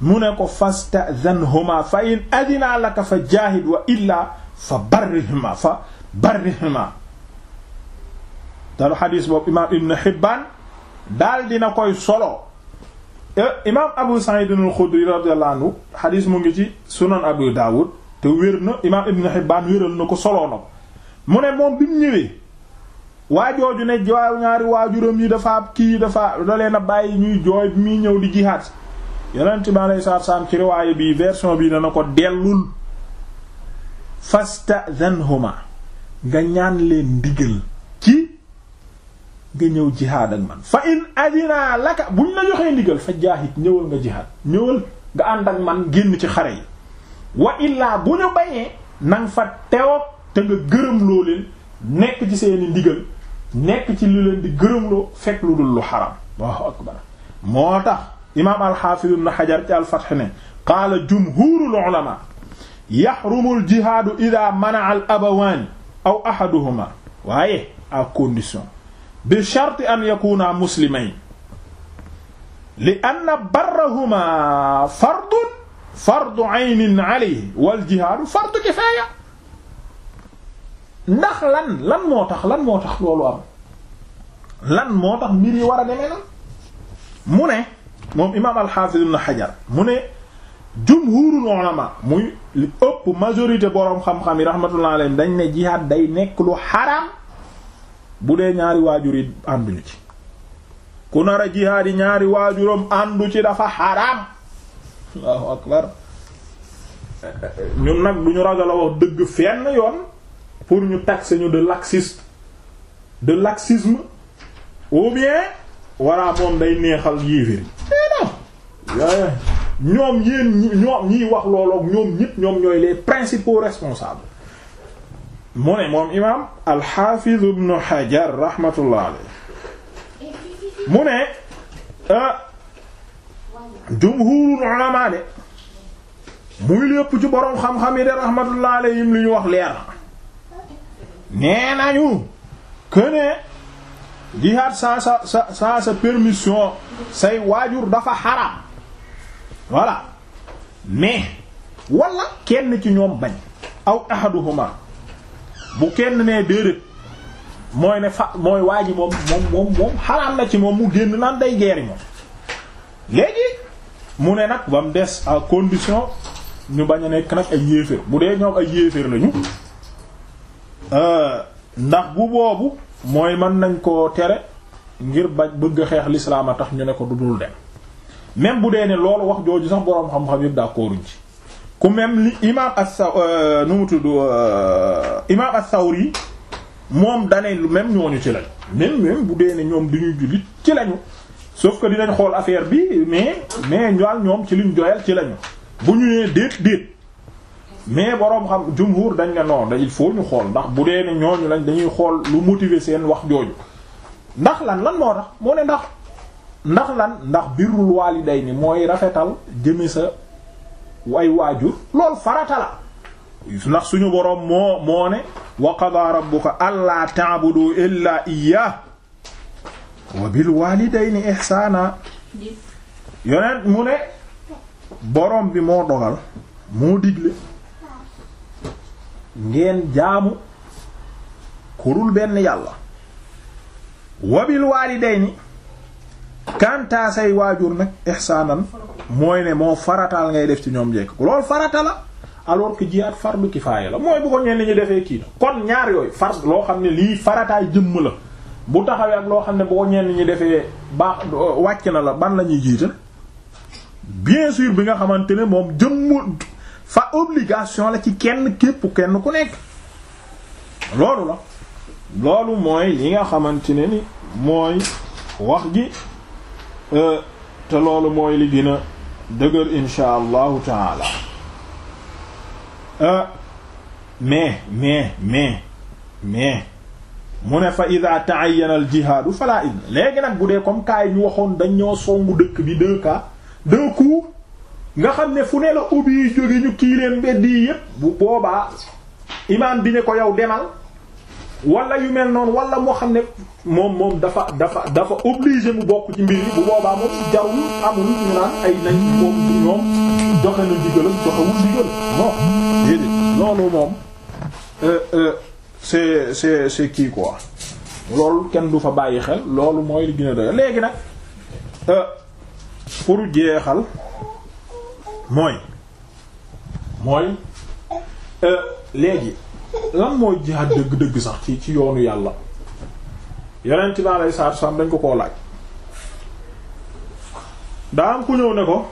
mu ne ko fasta'zanhuma fa in adina laka fa jaahid wa illa fa barrihuma fa barrihuma dalu xadiis boobu imaam Ibn Hibbaan daal na koy solo eh, imaam abu sa'id al-xudri radiyallahu anhu xadiis mu ngi ci sunan abu daawud te wér na imaam ibn hibbaan wéral na ko solo na mu ne moom bi mu ñëwee waajooju ne jawaaw ñaari waajuram yi dafa kii dafa da leen a bàyyi ñuy jooy bi muy ñëw di jihaad yonent bi alayhi salaatu ci riwaaye bi version bii dana ko dellul fasta'dhanhuma nga ñaan leen ndigal ci nga ñëw jihaad man fa in adina laka buñ la joxee ndigal fa jaahid ñëwal nga jihaad ñëwal nga ànd man génn ci xare yi wa illaa bu ñu bañee nang fa teewoog te nga gërëm loo nekk ci seeni ndigal nekk ci lu leen di gërëmloo fekk lu dul lu xaram moo tax imaam al-Hafiz ibn ci al-Fath ne qaala jumhurul ulama yaxrumul jihaadu ida mana al abawaani aw ahaduhuma waaye à condition bi sharti an yakuna muslimayn li anna barrahuma fardun fardu aynin alayhi wal jihaadu fardu kifaaya ndax lan lan moo tax lan moo tax loolu am lan moo tax mbir yi war a demee nan mu ne moom imaam al-Hafiz ibn Hajar mu ne jumhurul ulama muy li ëpp majorité boroom xam-xam yi rahmatullah alayhim dañ ne jihaad day nekk lu xaraam bu dee ñaari waajur yi ànduñu ci ku nar a jihaad yi ñaari waajuram àndu ci dafa xaraam allahu akbar nag du ñu ragal a wax dëgg fenn yoon pour ñu taxer ñu de laxiste de laxisme ou bien walla moom day neexal yéeféer yi eh ñoom yéen ñoom ñiy wax loolu ñoom ñépp ñoom ñooy les principaux responsables mu moom imaam alxaafiz ibnu Hajar rahmatullah alayhi mu ne euh, jumhuurul ulamaa de muy lépp ci borom xam-xam yi de rahmatullah alayhim li ñu wax leer nee nañu que ne jihaad sans sa sa permission say waajur dafa xaraam voilà mais wala kenn ci ñoom bañ aw ahaduhuma bu kenn nee déedéet mooy ne fa mooy waa ji moom moom moom moom xalaat na ci moom mu génn naan day geeri moom léegi mu ne nag ba mu des a condition ñu bañ a nekk nag ay yéeféer bu dee ñoom ay yéeféer lañu euh, ndax bu boobu mooy mën nañ ko tere ngir bañ bëgg a xeex lislaam a tax ñu ne ko du dul dem même bu dee ne loolu wax jooju sax boroom xam-xam yëpp d'accorduñ ci ku même li imaam as-Saw euh, nu mu tudd euh, imaam as-Sawri moom dane lu même ñooñu ci lañ même même bu dee ne ñoom duñuy jullit ci lañu sauf que dinañ xool affaire bi mais mais ñoal ñoom ci liñ doyal ci lañu bu ñu nee déet déet mais boroom xam jumhur dañ ne non il faut ñu xool ndax bu dee ne ñooñu lañ dañuy xool lu motiver seen wax jooju ndax lan lan moo tax moo ne ndax ndax lan ndax birrul waalidayni mooy rafetal jëme sa way waajur loolu farata la ndax suñu boroom moo moo ne wa qadaa rabbuka allaa ta'budu illaa iyyah wa bil walidayni ihsaana yonent mu ne boroom bi moo dogal moo digle ngeen jaamu kurul benn yàlla wa bil kanta say waajur nag ihsaanan mooy ne moo farataal ngay def ci ñoom njekk lool farata la alors que jihaad fardu kifaaya la mooy bu ko ñenn ñi defee kii kon ñaar yooyu far loo xam ne lii farataay jëmm la bu taxawee ak loo xam ne bu ko ñenn ñi defee baax wàcc na la ban la ñuy jiital bien sûr bi nga xamante ne moom jëmm fa obligation la ci kenn képp kenn ku nekk loolu la loolu mooy li nga xamante ne ni mooy wax gi Euh, te loolu mooy li gën a dëgër insha allahu taala euh, mais mais mais mais mu ne fa ida taayana al jihaadu falaa idna léegi nag bu dee comme cas yi ñu waxoon dañoo songu dëkk bi deux cas deux coups nga xam ne fu ne la ubbi yi jóge ñu kii leen mbedd yi yépp bu boobaa imaam bi ne ko yow demal wala yu mel noonu wala moo xam ne moom moom dafa dafa dafa obligé mu bokk ci mbir yi bu boobaa moom jarul amul ñu naan ay nañ moom ñoom joxe na ndigalam joxewul ndigalam non déedéet noonu moom euh, euh, c'est c'est c'est kii loolu kenn du fa bàyyi xel loolu mooy li gën a doy léegi nag euh, pour jeexal mooy mooy léegi lan mooy jihaad dëgg-dëgg sax ci ci yoonu yàlla yeneen ci lay saar sam dañ ko koo laaj daa am ku ñëw ne ko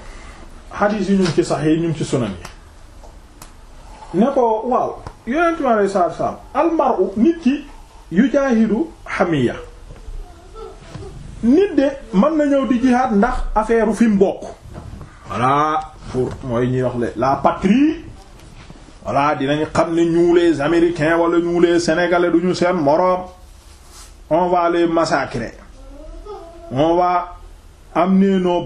xadiis yi ñu ci sax yi ñu ngi ci sunan yi ne ko waaw yeneen ci lay saar sam almaru nit ki yu jaahidu xamiya nit de mën na ñëw di jihaad ndax affaire fim mu bokk voilà pour mooy ñuy wax le la patrie voilà dinañ xam ne ñu les américains wala ñu les sénégalais duñu seen moroom on va les massacrer on va amener nos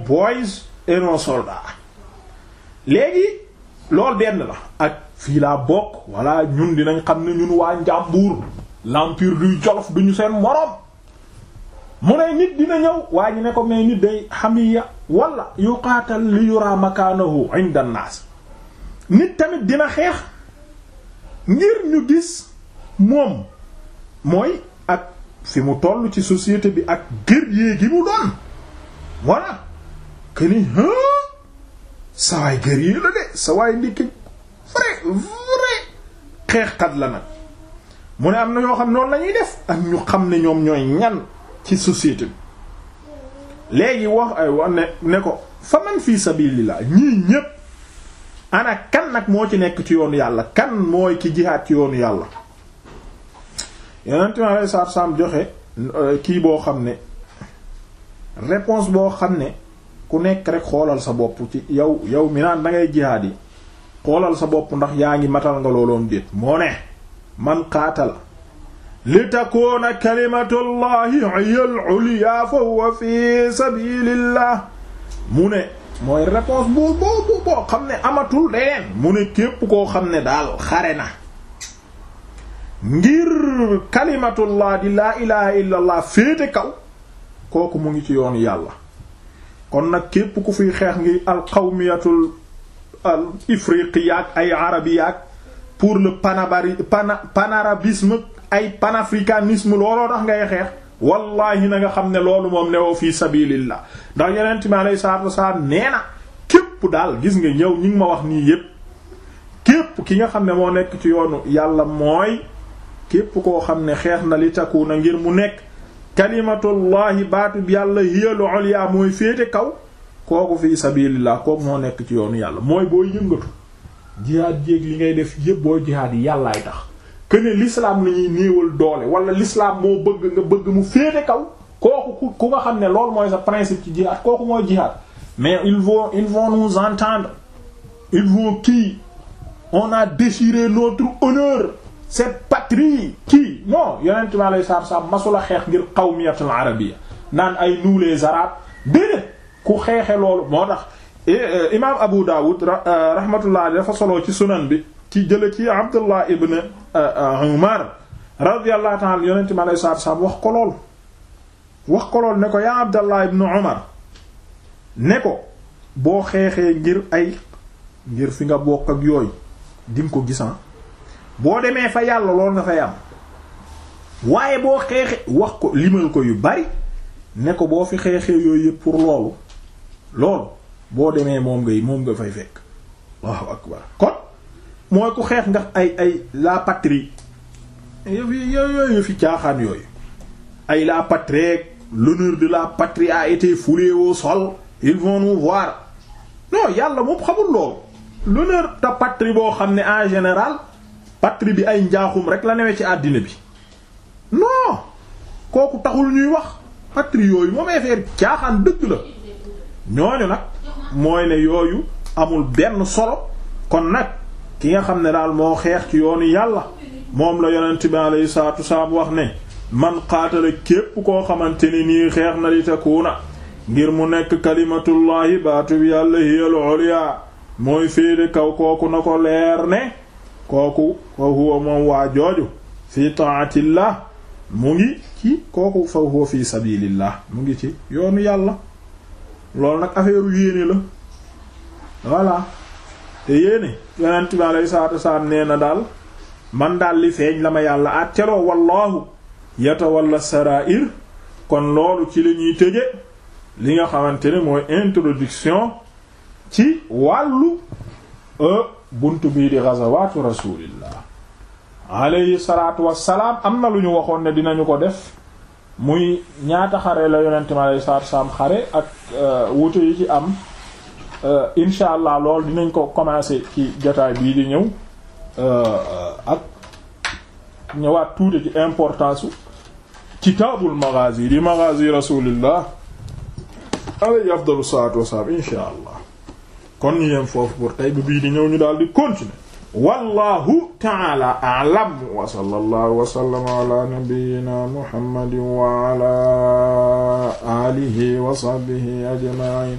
la ak ñun waa Njàmbur l'empire du Jolof duñu seen moroom mu ne nit dina ñëw waa ñu ne ko mais nit day xamiya wala yuqaatal li yura makaanahu inda an-nas nit tamit dina xeex ngir ñu gis moom mooy ak fi mu toll ci société bi ak guerrier gi mu doon voilà que ni sawaay guerrier la de sawaay ndikki vrai vrai xeexkat la nag mu ne am na ñoo xam noonu la ñuy def ak ñu xam ne ñoom ñooy ñan ci société bi léegi wax ay wax ne ne ko fa man fii sabilillah ñii ñépp ana kan nag moo ci nekk ci yoonu yàlla kan mooy ki jihaad ci yoonu yàlla yeneen time saar saam joxe euh, kii boo xam ne réponse boo xam ne ku nekk rek xoolal sa bopp ci yow yow mi naan dangay jihaad yi xoolal sa bopp ndax yaa ngi matal nga looloom déet moo ne man qaatal li takuuna kalimatullahi hiya al fi sabilillah mu ne mooy réponse boo boo xam ne amatul dayeen mu ne képp koo xam ne daal xare na ngir kalimatullah di laa ilaha illa féete kaw kooku mu ngi ci yoonu yàlla kon nag képp ku fiy xeex ngi al qawmiyatul al ifriqiyaak ay arabiyaak pour le panabari ay panafricanisme looloo tax ngay xeex wallaahi na nga xam ne loolu moom newoo fii sabilillah ndax yonent mi alayhi salaatu saa nee na képp daal gis nga ñëw ñi ngi ma wax nii yépp képp ki nga xam ne moo nekk ci yoonu yàlla mooy képp koo xam ne xeex na li takuna ngir mu nekk kalimatullahi baatub yàlla hiyalu ulya mooy féete kaw kooku fii sabilillah kooku moo nekk ci yoonu yàlla mooy boo yëngatu jihaad jéeg li ngay def yépp boo jihaad yàllaay tax que ne l'islam la ñuy néewal doole wala lislaam moo bëgg nga bëgg mu féete kaw koo ku nga xam ne loolu mooy sa principe ci jihad kooku mooy jihad mais ils vont ils vont nous entendre ils vont qui on a déchiré notre honneur cette patrie qui non yonent bi masula xeex ngir qawmiyatul arabiyya naan ay nous les arabes déedéet ku xeexe loolu moo tax euh, imam Abu Dawud euh, rahmatullah dafa solo ci sunan bi ci jële ci Abdullah ibn euh, euh, Umar radiyallahu ta'ala yonente mi alayhi salaatu salaam wax ko lool wax ko lool ne ko yaa Abdallah ibn Umar ne ko boo xeexee ngir ay ngir fi nga bokk ak yooyu di ko gisan ah. boo demee fa yàlla lool nga fay am waaye boo xeexee wax ko limal ko yu bari ne ko boo fi xeexee yooyu yëpp pour loolu loolu boo demee moom ngay moom nga fay fekk Allahu akbar kon mooy ku xeex nga ay ay la patrie yooyu yooyu fi caaxaan yooyu ay la patrie l'honneur de la patrie à été foulé woo sol ils vont nous voir non yàlla moom xamul loolu l'honneur de patrie boo xam ne en général patrie bi ay njaaxum rek la newee ci àddina bi non kooku taxul ñuy wax patrie yooyu moom affaire caaxaan dëgg la ñooñu nag mooy ne yooyu amul benn solo kon nag ki nga xam ne daal moo xeex ci yoonu yàlla moom la yonent bi alayhi salaatu salaam wax ne man qaatala képp koo xamante ni nii xeex na li takuuna ngir mu nekk kalimatullaahi baatu bi yàlla hiyal ulya mooy féede kaw kooku na ko leer ne kooku fa huwa moom waa jooju fi taatillah mu ngi ci kooku fa huwa fi sabilillah mu ngi ci yoonu yàlla loolu nag affaire yéene la voilà te yéene yonent bi alayhi salaatu wasalaam nee na daal man daal li feeñ la ma yàlla àtteloo wallaahu yatawalla sarair kon loolu ci li ñuy tëje li nga xamante ne mooy introduction ci wàllu e, bunt bii di ghazawaatu rasulillah alayhi salaatu wassalaam am na lu ñu waxoon ne dinañu ko def muy ñaata xare la yonent bi alayhi salaatu wasalaam xare ak e, wuute yi ci am Euh, incha allah loolu dinañ ko commencer ci jotaay bii di ñëw euh, ak tuuti ci importance kitaabul maghazi di maghazi rasulillah alayhi allah kon ñu yem foofu pour tey bu bii di ñëw ñu daal di continuer wallahu ta'ala a'lam wa sallallahu wa sallama ala nabiyyina muhammadin wa ala alihi wa sahbihi ajma'in